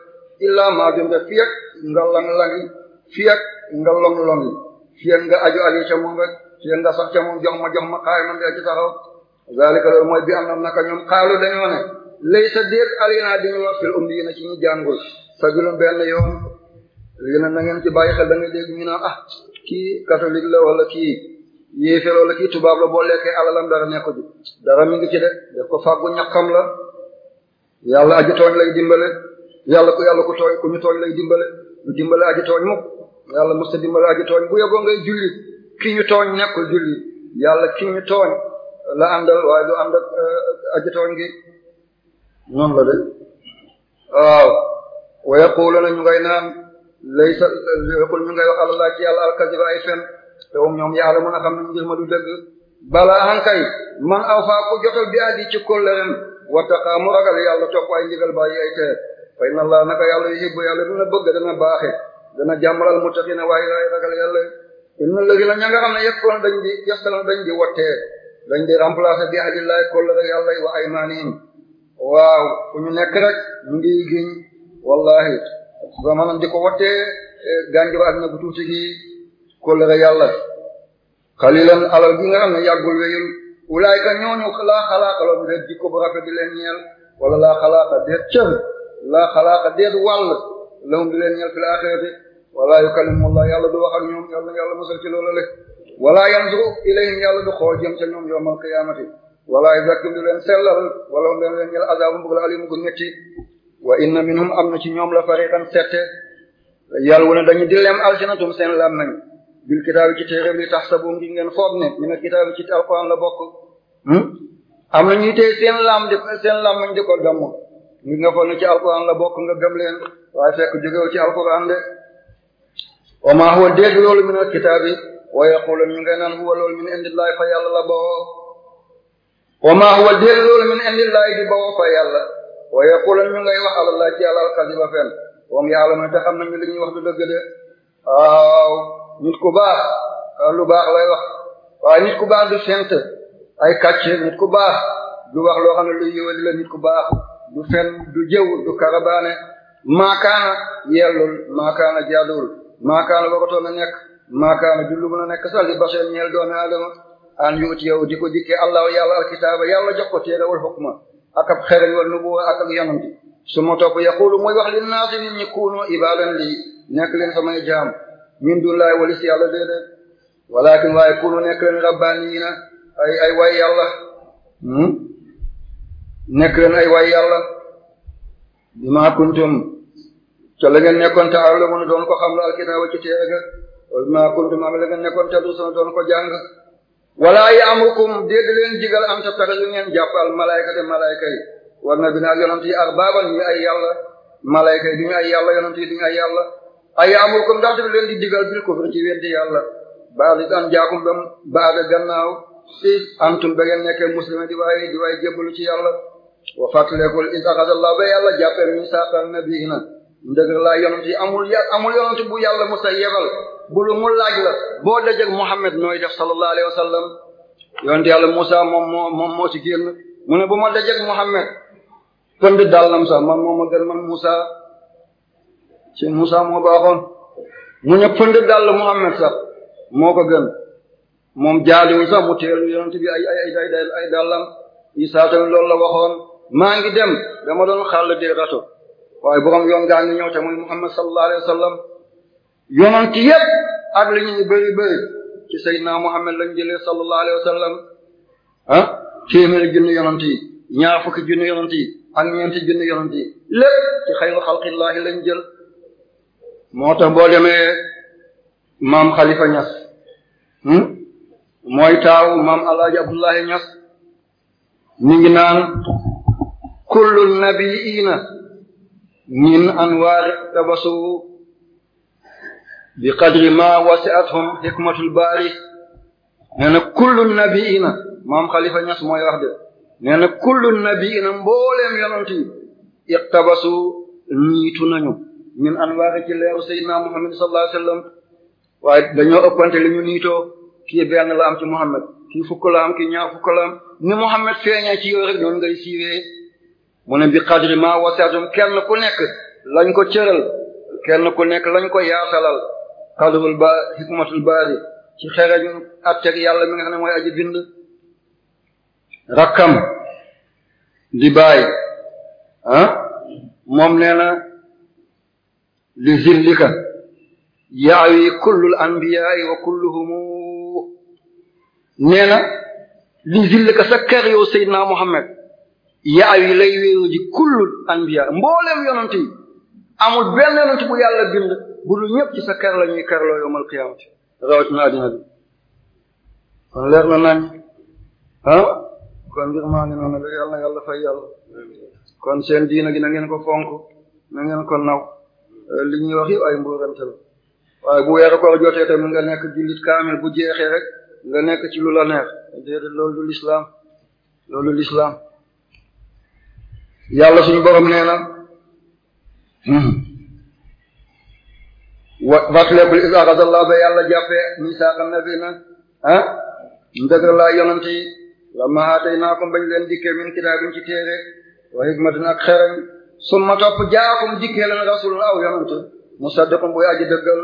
illaa maa dumte fiyak nga lang-langi fiyak nga long-longi fiyak nga aju ali ca moom rek fiyak nga sax ca moom jox ma jox ma xaay man dee ci taxaw zalika loolu bi am na naka ñoom xaalu dañoo ne lay sa déet ali naa di ñu wax fil umbi na ci ñu jàngul sabilum léegi nag na ngeen ci bàyyi xel da nga dégg ñu naan ah kii catholique la wala kii yéefe la wala kii tubaab la boo lekkee alalam dara nekko ji dara mi ngi ci de def ko fàggu ñaqam la yàlla aji tooñ lay dimbale yàlla ku yàlla ku tooñ ku ñu tooñ lay dimbale lu dimbale aji tooñ mukk yàlla mos ta dimbale aji tooñ bu yeboo ngay julli ki ñu tooñ nekkul julli yàlla ki ñu tooñ la àndal waaye du ànd ak euh, aji tooñ gi noonu la de waaw wa yaquluna ñu ngay naan lay sa yëppul ñu ngay wax àlallaa ci yàlla alkasiba ay fen te moom ñoom yàlla mën a xam ne mbir ma du dëgg balaa ankay man aw faa ko jotal bi aji ci kóllëren wattaqaa mu ragal yàlla topp ay ndigal bàyyi ay tere fa inna allah naka yàlla yuhibbu yàlla dina bëgg dana baaxe dana jàmmalal muttaqina waaye ay ragal yàlla inna lëgina ña nga xam ne yëpp koon dañ di yestalon dañ di wottee dañ di remplacer bi ahdillahi kóllëre yàlla wa aymanihim waaw fu ñu nekk rek ñu ngi ba di ko wattee eh, gànjur àddina bu tuuti gi kóllëre yàlla xalilan alal bi nga xam ne yàggul wéyul wulaayka ñooñu laa xalaaka loolu déet jikko bu rafet di leen ñeel wala laa xalaaka déet cër laa xalaaka déet wàll lahum di leen ñeel fil axirati wala yukallimullah yàlla du wax ak ñoom yàlla yàlla musal ci loolu le wala yanzuru ilayhim yàlla du xool jëm ca ñoom yawmal qiyaamati wala yuzakkim du leen sellal leen leen ñeel azabum bëgg la alimu wa inna minhum am na ci ñoom la fariqan sette yàlla wu ne dañu di lem alsinatum seen làmmeñ bil kitaabi ci téere li tax sa gi ngeen foog ne mina kitaabi ci alquran la bokk hmm? am na ñuy tey seen lam di seen làmmeñ di ko gàmm ci alquran la bokk nga gëm leen waaye fekk jógewu ci alquran de wa maa huwa déeg loolu min al kitaabi wa yaqulu ñu ngay naan huwa loolu min indillahi fa yàlla la boo wa maa huwa déeg loolu min indillahi fa yàlla wa yaqulun ñu ngay wax alallah ci àlal xasiba fen moom yàlla mooy te xam na li ñuy wax du dëgg de waaw nit ku baax ah, lu baax lay wax waaye nit ku baax du fent ay kàcce nit ku baax du wax loo xam ne lu yëwali la nit ku baax du fen du jëw du karabaane maakaana yellul maakaana jaaduwul maakaana waratoon a nekk maakaana jullu mën a nekk sax li baseen ñeel doomi aadama an yuut yow di ko dikkee allahu yàlla alkitaaba yàlla jox ko téere wal hukma ak ab xereñ wal nubuwa ak ak yonanti su ma topp yaqulu muy wax li naasi nit ñi kuunu ibaadan lii nekk leen samay jaam min dullaay walis yàlla déedéet walakin waaye kuunu nekk leen rabbaaniina ay ay way yàlla hmm? nekk leen ay way yàlla bima kuntum ca la ngeen nekkoon te aar la doon ko xam la alkitaaba ci teega wala bima kuntum am la ngeen nekkoon te du doon ko jàng wala ya'murukum dégg leen digal am ta tax yu ngeen jàpp al malayka te malayka yi war na bina ak yonent yi arbaaban ñu ay yàlla malayka yi duñu ay yàlla yonent yi duñu ay yàlla ay ya'murukum ndax daf leen di digal bil kufri ci weddi yàlla baadi an jaakum bam baada gannaaw si antum ba ngeen nekkee muslima di waay di waay jébbalu ci yàlla wa fàttalekul is axadallah ba yàlla jàppee min saaqan nabiina ndëgër laa yonent yi amul amul yonent bu yàlla musa yebal bulu mu laaj la boo dajeg Muhammad nooy def sallallahu alayhi wa sallam yonte yàlla Musa moom moo moom moo ci mu ne bu ma dajeg Muhammad kon di dàllam sax man moom a gën man Musa ci Musa moo baaxoon mu ne pënd dàll Muhammad sax moo ko gën moom jaaliwu sax mu teel yonent bi ay ay ay ay dàllam Isa tamit loolu la maa ngi dem dama doon xàll di rato waaye borom yoon gaa ngi ñëw te muy Muhammad sallallahu alayhi wa sallam yonent yépp ak li ñuy bëri bëri ci Seydina Muhammad lañ jëlee sallallahu alayhi wa sallam ah téeméeri yi ñaar fukki junni yonent yi ak ñeenti junni yonent yi lépp ci xayru xalqillaahi lañ jël moo tax boo demee maam Khalifa Niass hmm, mooy taaw maam Alaaji Abdullahi Niass ñu ngi naan kullu nabiyiina min anwaar tabasu bi qadri ma wasi'athum hikmatul baari nee na kullu nabiina maam Khalifa Niass mooy wax de nee na kullu nabiina mbooleem yonent yi iqtabasu niitu nañu min anwaari ci leeru sayyidina Muhammad sallallahu alayhi dañoo ëppante li ñu niitoo kii benn la am ci Muhammad kii fukk la am kii ñaar fukk la am ni Muhammad feeñee ci yow rek ngay siiwee mu bi qadri ma wasi'athum kenn ku nekk lañ ko cëral kenn ku nekk lañ ko yaasalal qalbul ba hikmatul baari ci yàlla mi nga xam ne aji bind rakkam di bàyyi ah, moom nee na li zillika yaawi kullul anbiya'i wa kulluhum nee na li zillika sa kër yow Seydina Muhammad yaawi lay wéeru ji kullul anbiya mboolem amul benn yonent bu yàlla bind bu dul ñëpp ci sa kër la ñuy kërloo yawmal qiyaamati rawatina addina bi kon leer na nañ ah kon mbir noonu la yàlla na yàlla fay yàlla kon seen diina gi na ngeen ko fonk na ngeen ko naw li ñuy wax yëpp ay mbuurante la waaye bu weeru koor jotee tamit nga nekk jullit kaamil bu jeexee rek nga nekk ci lu la neex déedéet loolu lislaam loolu lislaam borom nee na waslebul is axadallah ba yàlla jàppee misaaqa nabi na ah ndëgër laa yonent yi lama aatay naa ko bañ leen dikkee min kitaabin ci téere wa hikmatin ak xereñ summa topp jaakum dikkee leen rasulun aw yonent musaddiqun buy aji dëggal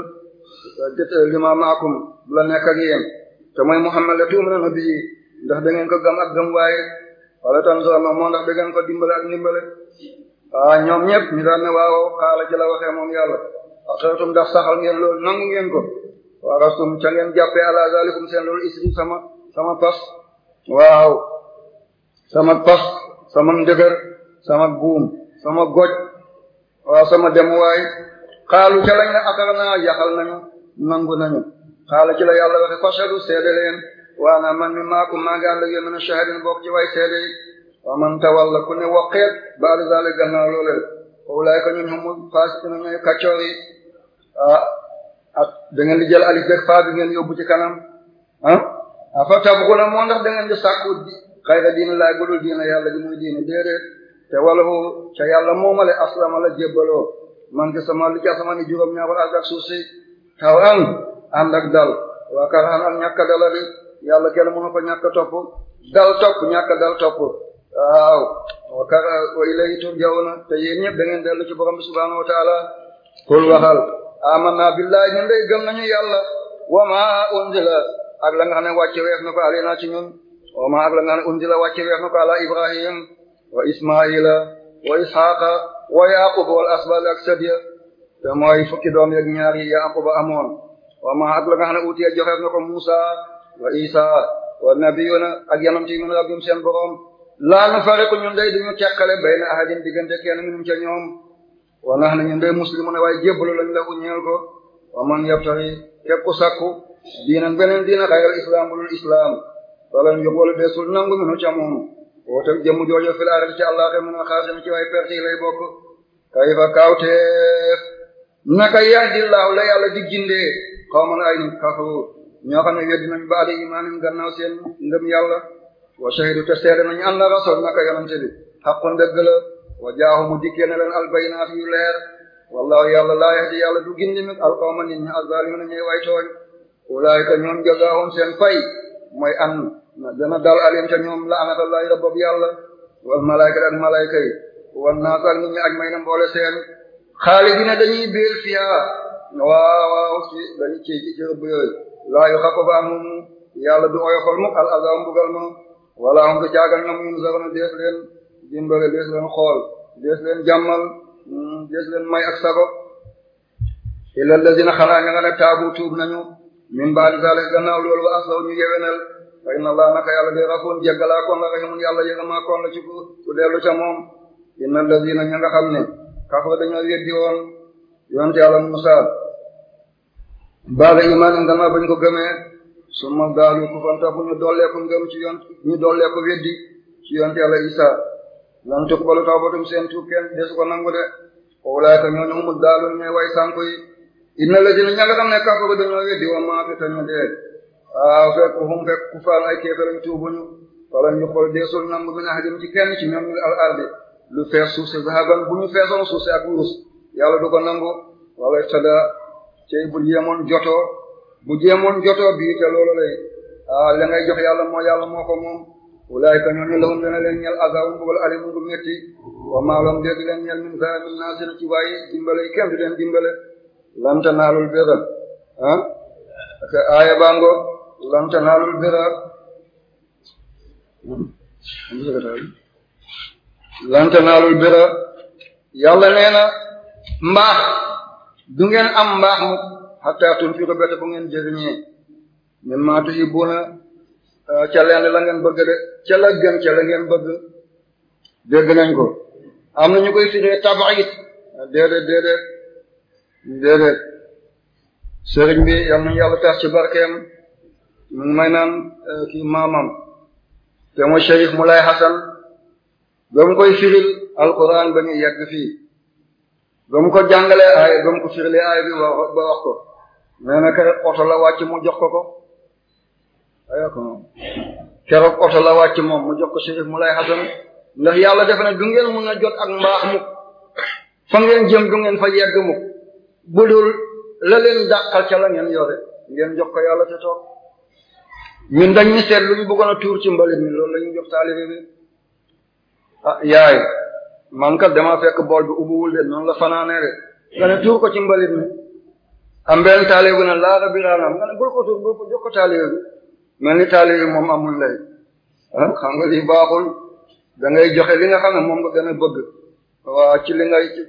lima maakum la nekk ak yéen te mooy Muhammad la tuuminanu bii ndax da ngeen ko gam ak gam waaye wala tan soona moo ndax da ngeen ko dimbale ak ndimbale ah ñoom ñëpp ñu daan ne waaw xaala ci la waxee moom yàlla aqartum ndax sax ngeen loolu nangu ngeen ko wa rastum ca ngeen jàppe ala zalikum seen loolu isri sama sama pas waaw sama pas sama ndëgër sama guum sama goj waaw sama dem waay xaalu ca lañ ne naa yaxal nañu nangu nañu xaala ci la yàlla waxe fashadu seede leen waa naa man mi maakum maa ngi ànd ak yéen min shahidin bokk ci way seede yi wa man tawalla ku ne waqeet baal zaale gannaaw loolee walaay ko ñoom ñoom faasiquna ñooy kàccoor yi ah ak da ngeen di faa bi ngeen yóbbu ci kanam ah afa ah, tabghuna moo ndax da ngeen di sàkku xayra diina laay budul diina yàlla ji muy diina déedéet te walahu ca yàlla moomale aslama la jébbaloo man ki sama li ci asama ni juróom ñaawal ak ak suuf si taw dal waa kar an ak ñàkka dalari yàlla kenn mënu ko ñàkka topp dal topp ñàkka dal topp waaw wa ka wa ilayhi turja'una te yéen ci borom bi subhaanahu wa ta'ala kul waxal amanna billahi ñun day gëm nañu wa ma unzila ak la nga xam ne wàcce wa ma ak la nga xam ne unzila wàcce weef na ko ala ibrahim wa ismaila wa ishaqa wa yaqub wal asbal ak sadiya te fukki doom yeeg yaqub amoon wa ma ak la nga xam ne utiya musa wa isa wa nabiyuna ak yanam ci min rabbim seen laa nu fariqu ñun day duñu teqale bayna ahadin diggante kenn minum ca ñoom wa nahnu ñun day muslimun waaye jébbalu lañ la u ñeel ko wa man yabtaxi képp ku sàkku diinan beneen diina xayral islaam bulul islaam falan yuqbalu deesul nangu minu ca moom woote jëmm joojo fil ardi ci àllaaxe mun a xaasina ci waay perte yi lay bokk kayfa kawteef naka yahdillaahu la yàlla di gindee xawman ay nu kafaru ñoo xam ne weddi nañ baali imaanim gannaaw seen ngëm wa shahidu te seede nañu an la rasul naka yonente bi xaqun dëgg la wa jaahu mu dikkee na leen albaynaat yu leer wallahu yàlla laa yahdi yàlla du gindi mi alqawma nit ñi azzalimina ñuy way tooñ ulaayika ñoom jazaahum seen fay mooy an na dana dal alim te ñoom laanatallahi rabbab yàlla wal malaayika ak malaayika yi wan naas ak nit ñi aj may na mboole seen xaalidina dañuy biir fiyaa waaw waaw ci dañu ci ci rëbb yooyu laa yuxaffafu anhum yàlla du mu al azaab mbugal ma wala am du caagal ñoom ñun sax na dees leen dimbale dees leen xool dees leen jàmmal mm, dees leen may ak illa allazina nga ne taabu tuub nañu min baadi zalik gannaaw loolu wa aslaw ñu yewenal fa inna allah naka yàlla de rafoon jéggalaa koon la rahimun yàlla yégamaa koon la ci ku ku dellu ca moom inna allazina ña nga xam ne kafara dañoo weddi woon yonte yàlla Musaa baada iman in ko gëmee summa zaalu kufran topp ñu dollee ko ngëm ci yoon ñu dollee ko weddi ci yoon Yàlla Isa lan tuqbalu tawbatum seen tuub kenn desu ko nangu de ulaa'ika ñooñu humu zaaluun ñooy way sànku yi inna lazina ña nga xam ne kafaru dañoo weddi wa maatu te ñu dee waaw fekk hum fekk kufar ay kéefar tuubuñu falan yuqbal deesul nangu min ahadin ci kenn ci ñoom al ardi lu fees suuf si zahaban bu ñu feesoon suuf ak wurus Yàlla du ko nangu wala tada cey bu bu jéemoon jotoo bii te loolu lay a ah, la ngay jox yàlla moo yàlla moo ko moom ulaayika ñooñu lahum dana leen ñel azabun bugal alimun bu metti wa maalum dégg leen ñel min sa naasir ci dimbale yi kenn dimbale lan tanaalul birra ah te aaya bango lan tanaalul birra lan yàlla nee na mbaax du ngeen am mbaax hatta tunfiqu bette bu ngeen jëriñee mimma tuhibbuna ah, ca leen la ngeen bëgg de ca la gën ca la ngeen bëgg dégg nañ ko am na ñu koy firee tabaxit ah, déedéet déedéet déedéet sëriñ bi yal nañu yàlla tax ci barkeem mu may naan ah, kii maamam te mooy Cherif Moulay Hassan ba mu koy firil alquran ba ñu yegg fii ba ko jàngalee aaya ba mu ko firilee aaya bi ba wax ko nee na oto la wàcc mu jox ko ko aywa ko oto la wàcc moom mu jox ko Chérif Moulay Hassan ndax yàlla defe ne du ngeen mën a jot ak mbaax mukk fa ngeen jëm du fa yegg mukk bu dul la leen dàqal ca la ngeen yore ngeen jox ko yàlla te toog ñun dañ ñu seet lu ñu bëggoon a tuur ci mbalit mi loolu la ñu jox taalibe bi ah yaay man kat dama fekk bool bi ubbuwul de noonu la fanaanee nga ne tuur ko ci mbalit mi am benn taalibe bu ne laara biraanam nga ne bul ko tur bul ko jox ko taalibe bi mel ni taalibe moom amul lay ah xam nga lii baaxul da ngay joxe li nga xam ne moom nga gën bëgg waa ci li ngay